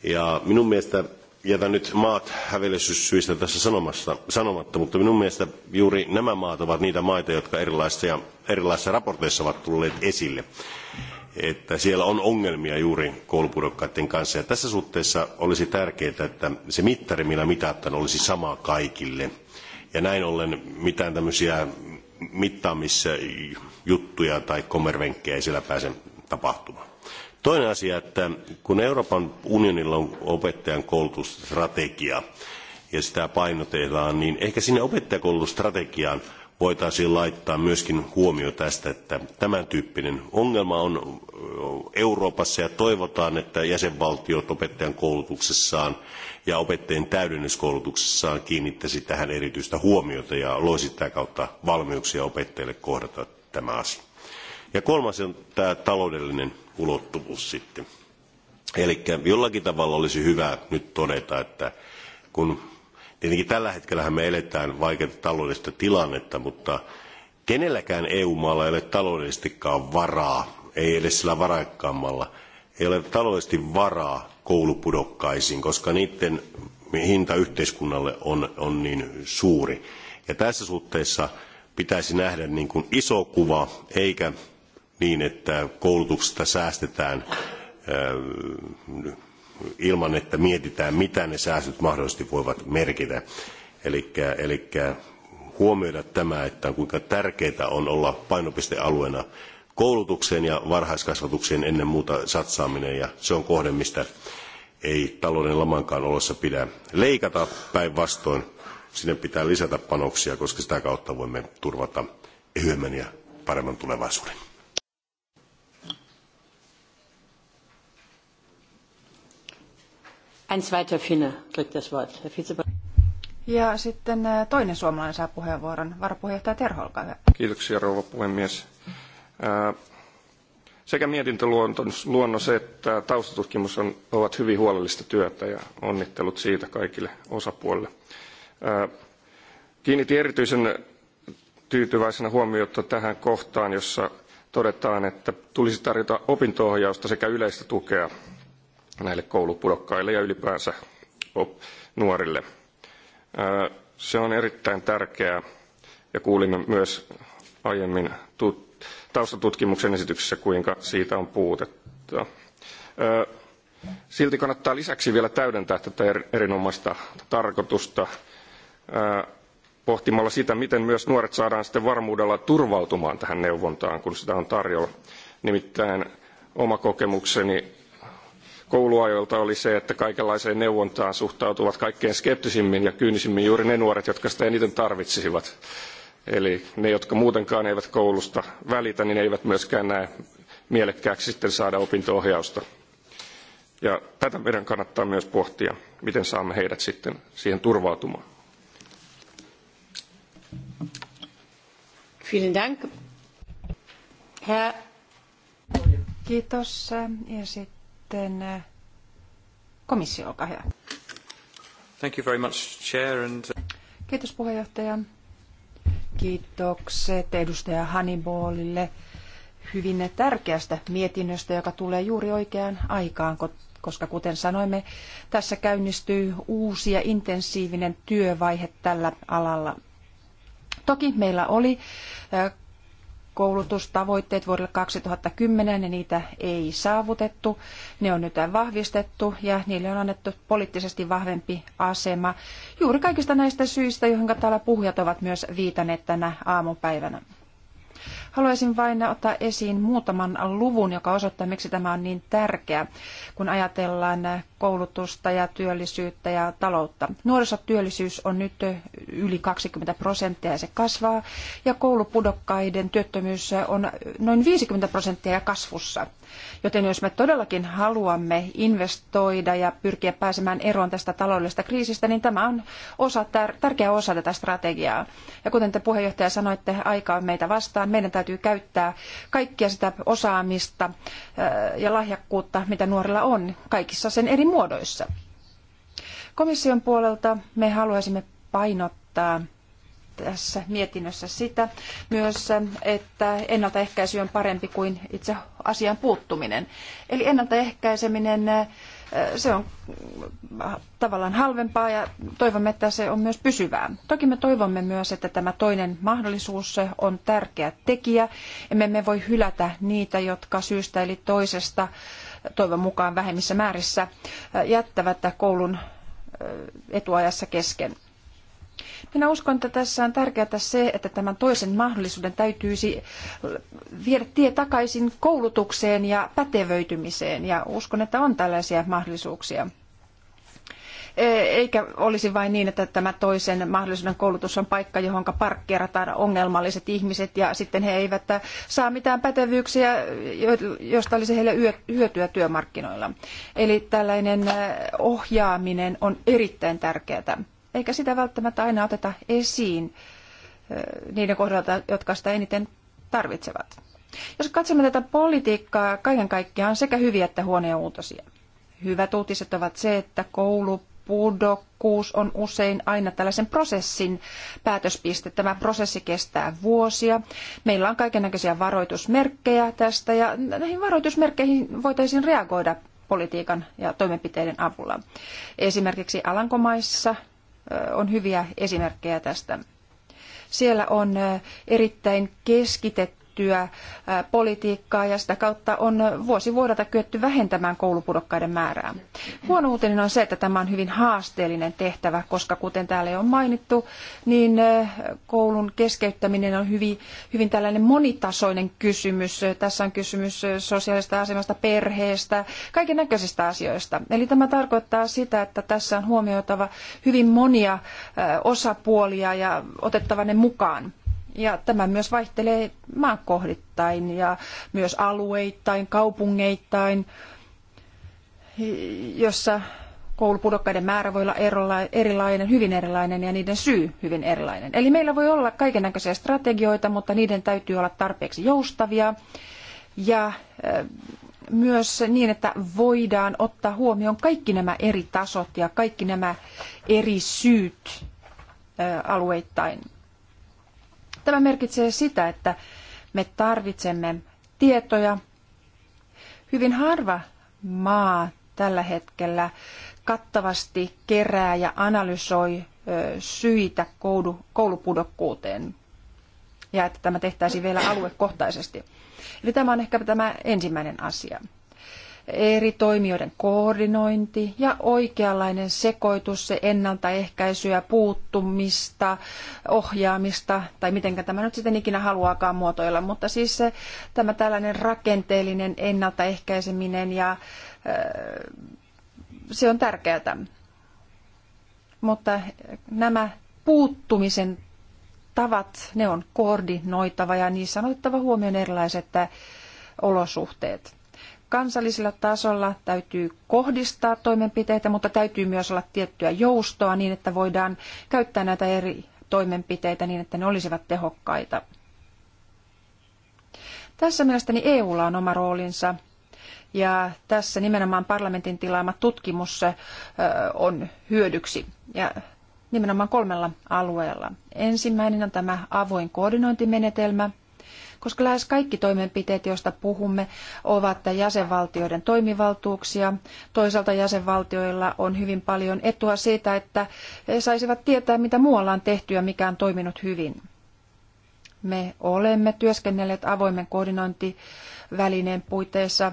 Ja minun mielestä jätän nyt maat hävelyssyistä tässä sanomassa, sanomatta, mutta minun mielestä juuri nämä maat ovat niitä maita, jotka erilaisissa, erilaisissa raporteissa ovat tulleet esille. Että siellä on ongelmia juuri koulupudokkaiden kanssa. Ja tässä suhteessa olisi tärkeää, että se mittari, millä mitataan, olisi sama kaikille. Ja näin ollen mitään tämmöisiä mittaamisjuttuja tai kommervenkkejä ei siellä pääse tapahtumaan. Toinen asia, että kun Euroopan unionilla on opettajan koulutusstrategia ja sitä painotetaan, niin ehkä sinne opettajakoulutusstrategiaan voitaisiin laittaa myöskin huomio tästä, että tämän tyyppinen ongelma on Euroopassa ja toivotaan, että jäsenvaltiot opettajan koulutuksessaan ja opettajien täydennyskoulutuksessaan kiinnittäisi tähän erityistä huomiota ja loisi sitä kautta valmiuksia opettajille kohdata tämä asia. Ja kolmas on tämä taloudellinen ulottuvuus sitten. Eli jollakin tavalla olisi hyvä nyt todeta, että kun tietenkin tällä hetkellä me eletään vaikeaa taloudellista tilannetta, mutta kenelläkään EU-maalla ei ole taloudellistikaan varaa, ei edes sillä varaikkaammalla, ei ole taloudellisesti varaa koulupudokkaisiin, koska niiden hinta yhteiskunnalle on, on niin suuri. Ja tässä suhteessa pitäisi nähdä niin kuin iso kuva, eikä niin, että koulutuksesta säästetään äh, ilman, että mietitään, mitä ne säästöt mahdollisesti voivat merkitä. Eli huomioida tämä, että kuinka tärkeää on olla painopistealueena koulutukseen ja varhaiskasvatukseen ennen muuta satsaaminen, ja se on kohde, mistä ei talouden lamankaan olossa pidä leikata päinvastoin. Sinne pitää lisätä panoksia, koska sitä kautta voimme turvata ehyemmän ja paremman tulevaisuuden. Ein zweiter Finne kriegt das Wort. Herr Vizepräsident. Ja sitten äh, toinen suomalainen saa puheenvuoron. Varapuheenjohtaja Terho, olkaa hyvä. Kiitoksia rouva puhemies. Äh, sekä mietintöluonnos että taustatutkimus on, ovat hyvin huolellista työtä ja onnittelut siitä kaikille osapuolille. Äh, kiinnitin erityisen tyytyväisenä huomiota tähän kohtaan, jossa todetaan, että tulisi tarjota opinto sekä yleistä tukea näille koulupudokkaille ja ylipäänsä nuorille. Se on erittäin tärkeää ja kuulimme myös aiemmin taustatutkimuksen esityksessä, kuinka siitä on puutetta. Silti kannattaa lisäksi vielä täydentää tätä er- erinomaista tarkoitusta pohtimalla sitä, miten myös nuoret saadaan sitten varmuudella turvautumaan tähän neuvontaan, kun sitä on tarjolla. Nimittäin oma kokemukseni kouluajoilta oli se, että kaikenlaiseen neuvontaan suhtautuvat kaikkein skeptisimmin ja kyynisimmin juuri ne nuoret, jotka sitä eniten tarvitsisivat. Eli ne, jotka muutenkaan eivät koulusta välitä, niin eivät myöskään näe mielekkääksi sitten saada opinto-ohjausta. Ja tätä meidän kannattaa myös pohtia, miten saamme heidät sitten siihen turvautumaan. Vielen Dank. Herr... Kiitos. Ja sitten sitten eh, komissio, olkaa hyvä. Thank you very much, Chair. And... Uh, Kiitos puheenjohtaja. Kiitokset edustaja Hannibalille hyvin tärkeästä mietinnöstä, joka tulee juuri oikeaan aikaan, koska kuten sanoimme, tässä käynnistyy uusi ja intensiivinen työvaihe tällä alalla. Toki meillä oli eh, koulutustavoitteet vuodelle 2010 ja niitä ei saavutettu. Ne on nyt vahvistettu ja niille on annettu poliittisesti vahvempi asema juuri kaikista näistä syistä, joihin täällä puhujat ovat myös viitanneet tänä aamupäivänä. Haluaisin vain ottaa esiin muutaman luvun, joka osoittaa, miksi tämä on niin tärkeä, kun ajatellaan koulutusta ja työllisyyttä ja taloutta. Nuorisotyöllisyys on nyt yli 20 prosenttia ja se kasvaa, ja koulupudokkaiden työttömyys on noin 50 prosenttia ja kasvussa. Joten jos me todellakin haluamme investoida ja pyrkiä pääsemään eroon tästä taloudellisesta kriisistä, niin tämä on osa, tärkeä osa tätä strategiaa. Ja kuten te puheenjohtaja sanoitte, aika on meitä vastaan. Meidän täytyy käyttää kaikkia sitä osaamista ja lahjakkuutta, mitä nuorilla on, kaikissa sen eri muodoissa. Komission puolelta me haluaisimme painottaa tässä mietinnössä sitä myös, että ennaltaehkäisy on parempi kuin itse asian puuttuminen. Eli ennaltaehkäiseminen se on tavallaan halvempaa ja toivomme, että se on myös pysyvää. Toki me toivomme myös, että tämä toinen mahdollisuus on tärkeä tekijä. Emme me voi hylätä niitä, jotka syystä eli toisesta toivon mukaan vähemmissä määrissä jättävät koulun etuajassa kesken. Minä uskon, että tässä on tärkeää se, että tämän toisen mahdollisuuden täytyisi viedä tie takaisin koulutukseen ja pätevöitymiseen. Ja uskon, että on tällaisia mahdollisuuksia e, eikä olisi vain niin, että tämä toisen mahdollisuuden koulutus on paikka, johon parkkeerataan ongelmalliset ihmiset ja sitten he eivät saa mitään pätevyyksiä, joista olisi heille hyötyä työmarkkinoilla. Eli tällainen e, ohjaaminen on erittäin tärkeää eikä sitä välttämättä aina oteta esiin niiden kohdalta, jotka sitä eniten tarvitsevat. Jos katsomme tätä politiikkaa, kaiken kaikkiaan sekä hyviä että huonoja uutisia. Hyvät uutiset ovat se, että koulupudokkuus on usein aina tällaisen prosessin päätöspiste. Tämä prosessi kestää vuosia. Meillä on kaikenlaisia varoitusmerkkejä tästä ja näihin varoitusmerkkeihin voitaisiin reagoida politiikan ja toimenpiteiden avulla. Esimerkiksi Alankomaissa on hyviä esimerkkejä tästä. Siellä on erittäin keskitetty tehtyä politiikkaa ja sitä kautta on vuosi vuodelta kyetty vähentämään koulupudokkaiden määrää. Huono uutinen on se, että tämä on hyvin haasteellinen tehtävä, koska kuten täällä on mainittu, niin koulun keskeyttäminen on hyvin, hyvin tällainen monitasoinen kysymys. Tässä on kysymys sosiaalista asemasta, perheestä, kaiken näköisistä asioista. Eli tämä tarkoittaa sitä, että tässä on huomioitava hyvin monia osapuolia ja otettava ne mukaan. Ja tämä myös vaihtelee maakohdittain ja myös alueittain, kaupungeittain, jossa koulupudokkaiden määrä voi olla erilainen, hyvin erilainen ja niiden syy hyvin erilainen. Eli meillä voi olla näköisiä strategioita, mutta niiden täytyy olla tarpeeksi joustavia ja myös niin, että voidaan ottaa huomioon kaikki nämä eri tasot ja kaikki nämä eri syyt alueittain. Tämä merkitsee sitä, että me tarvitsemme tietoja. Hyvin harva maa tällä hetkellä kattavasti kerää ja analysoi syitä koulupudokkuuteen ja että tämä tehtäisiin vielä aluekohtaisesti. Eli tämä on ehkä tämä ensimmäinen asia eri toimijoiden koordinointi ja oikeanlainen sekoitus, se ennaltaehkäisyä, puuttumista, ohjaamista tai miten tämä nyt sitten ikinä haluaakaan muotoilla, mutta siis se, tämä tällainen rakenteellinen ennaltaehkäiseminen ja se on tärkeää. Mutta nämä puuttumisen tavat, ne on koordinoitava ja niissä on otettava huomioon erilaiset olosuhteet kansallisella tasolla täytyy kohdistaa toimenpiteitä, mutta täytyy myös olla tiettyä joustoa niin, että voidaan käyttää näitä eri toimenpiteitä niin, että ne olisivat tehokkaita. Tässä mielestäni EUlla on oma roolinsa ja tässä nimenomaan parlamentin tilaama tutkimus on hyödyksi ja nimenomaan kolmella alueella. Ensimmäinen on tämä avoin koordinointimenetelmä, koska lähes kaikki toimenpiteet, joista puhumme, ovat jäsenvaltioiden toimivaltuuksia. Toisaalta jäsenvaltioilla on hyvin paljon etua siitä, että he saisivat tietää, mitä muualla on tehty ja mikä on toiminut hyvin. Me olemme työskennelleet avoimen koordinointivälineen puitteissa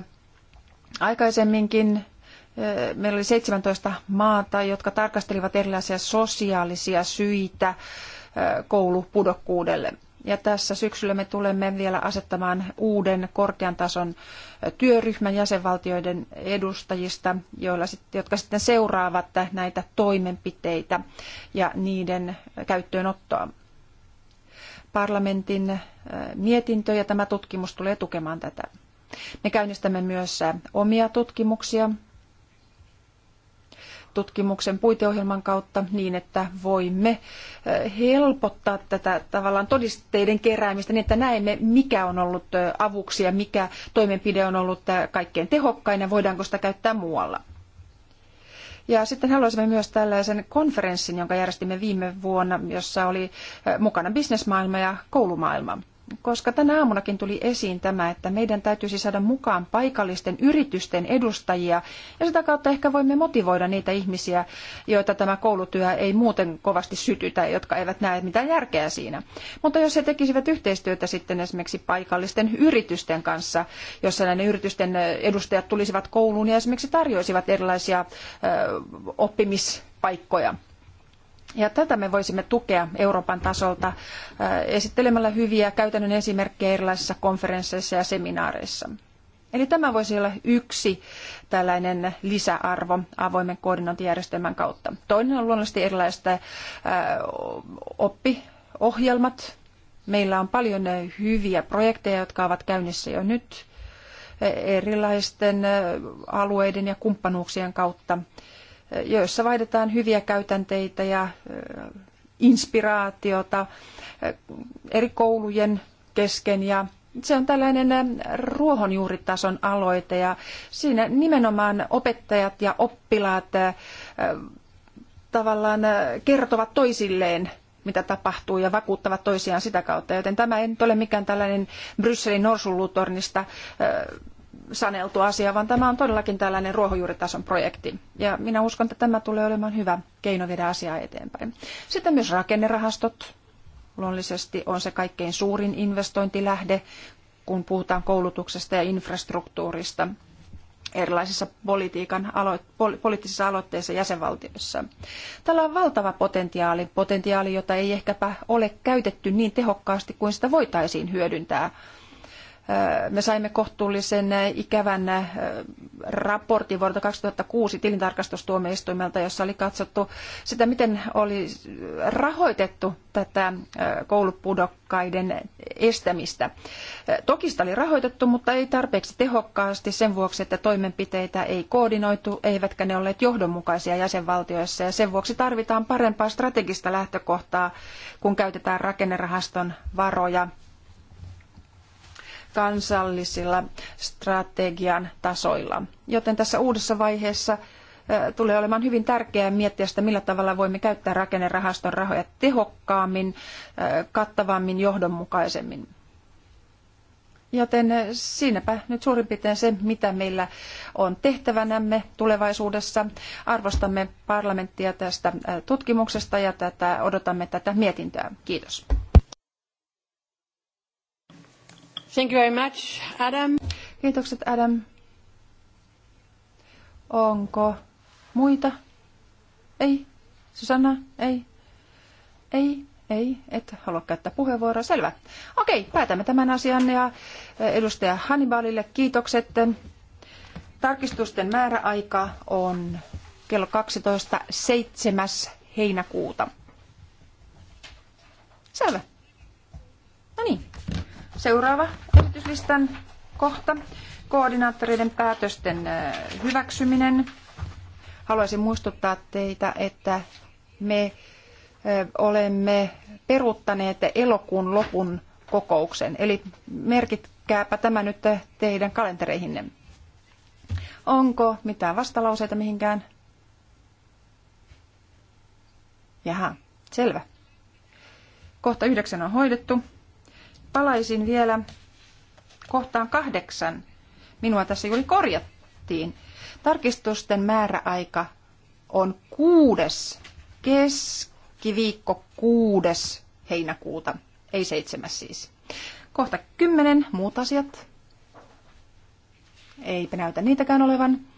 aikaisemminkin eh, meillä oli 17 maata, jotka tarkastelivat erilaisia sosiaalisia syitä eh, koulupudokkuudelle. Ja tässä syksyllä me tulemme vielä asettamaan uuden korkean tason työryhmän jäsenvaltioiden edustajista, joilla, jotka sitten seuraavat näitä toimenpiteitä ja niiden käyttöönottoa. Parlamentin äh, mietintö ja tämä tutkimus tulee tukemaan tätä. Me käynnistämme myös äh, omia tutkimuksia tutkimuksen puiteohjelman kautta niin, että voimme eh, helpottaa tätä tavallaan todisteiden keräämistä niin, että näemme mikä on ollut eh, avuksi ja mikä toimenpide on ollut eh, kaikkein tehokkain ja voidaanko sitä käyttää muualla. Ja sitten haluaisimme myös tällaisen konferenssin, jonka järjestimme viime vuonna, jossa oli mukana bisnesmaailma ja koulumaailma koska tänä aamunakin tuli esiin tämä, että meidän täytyisi saada mukaan paikallisten yritysten edustajia ja sitä kautta ehkä voimme motivoida niitä ihmisiä, joita tämä koulutyö ei muuten kovasti sytytä, jotka eivät näe mitään järkeä siinä. Mutta jos he tekisivät yhteistyötä sitten esimerkiksi paikallisten yritysten kanssa, jossa näiden yritysten edustajat tulisivat kouluun ja esimerkiksi tarjoisivat erilaisia oppimispaikkoja, ja tätä me voisimme tukea Euroopan tasolta äh, esittelemällä hyviä käytännön esimerkkejä erilaisissa konferensseissa ja seminaareissa. Eli tämä voisi olla yksi tällainen lisäarvo avoimen koordinointijärjestelmän kautta. Toinen on luonnollisesti erilaiset äh, oppiohjelmat. Meillä on paljon hyviä projekteja, jotka ovat käynnissä jo nyt äh, erilaisten alueiden ja kumppanuuksien kautta joissa vaihdetaan hyviä käytänteitä ja inspiraatiota eri koulujen kesken ja se on tällainen ruohonjuuritason aloite ja siinä nimenomaan opettajat ja oppilaat tavallaan kertovat toisilleen mitä tapahtuu ja vakuuttavat toisiaan sitä kautta. Joten tämä ei nyt ole mikään tällainen Brysselin norsunluutornista saneltu asia, vaan tämä on todellakin tällainen ruohonjuuritason projekti. Ja minä uskon, että tämä tulee olemaan hyvä keino viedä asiaa eteenpäin. Sitten myös rakennerahastot. Luonnollisesti on se kaikkein suurin investointilähde, kun puhutaan koulutuksesta ja infrastruktuurista erilaisissa politiikan alo- poliittisissa aloitteissa jäsenvaltioissa. Tällä on valtava potentiaali, potentiaali, jota ei ehkäpä ole käytetty niin tehokkaasti kuin sitä voitaisiin hyödyntää – me saimme kohtuullisen ikävän raportin vuodelta 2006 tilintarkastustuomioistuimelta, jossa oli katsottu sitä, miten oli rahoitettu tätä koulupudokkaiden estämistä. Toki sitä oli rahoitettu, mutta ei tarpeeksi tehokkaasti sen vuoksi, että toimenpiteitä ei koordinoitu, eivätkä ne olleet johdonmukaisia jäsenvaltioissa. Ja sen vuoksi tarvitaan parempaa strategista lähtökohtaa, kun käytetään rakennerahaston varoja kansallisilla strategian tasoilla. Joten tässä uudessa vaiheessa tulee olemaan hyvin tärkeää miettiä sitä, millä tavalla voimme käyttää rakennerahaston rahoja tehokkaammin, kattavammin, johdonmukaisemmin. Joten siinäpä nyt suurin piirtein se, mitä meillä on tehtävänämme tulevaisuudessa. Arvostamme parlamenttia tästä tutkimuksesta ja tätä, odotamme tätä mietintöä. Kiitos. Thank you very much, Adam. Kiitokset, Adam. Onko muita? Ei. Susanna? Ei. Ei. Ei, et halua käyttää puheenvuoroa. Selvä. Okei, päätämme tämän asian ja eh, edustaja Hannibalille kiitokset. Tarkistusten määräaika on kello 12.7. heinäkuuta. Selvä. No niin, Seuraava esityslistan kohta. Koordinaattoreiden päätösten hyväksyminen. Haluaisin muistuttaa teitä, että me olemme peruuttaneet elokuun lopun kokouksen. Eli merkitkääpä tämä nyt teidän kalentereihinne. Onko mitään vastalauseita mihinkään? Jaha, selvä. Kohta yhdeksän on hoidettu palaisin vielä kohtaan kahdeksan. Minua tässä juuri korjattiin. Tarkistusten määräaika on kuudes, keskiviikko kuudes heinäkuuta, ei seitsemäs siis. Kohta kymmenen, muut asiat. Eipä näytä niitäkään olevan.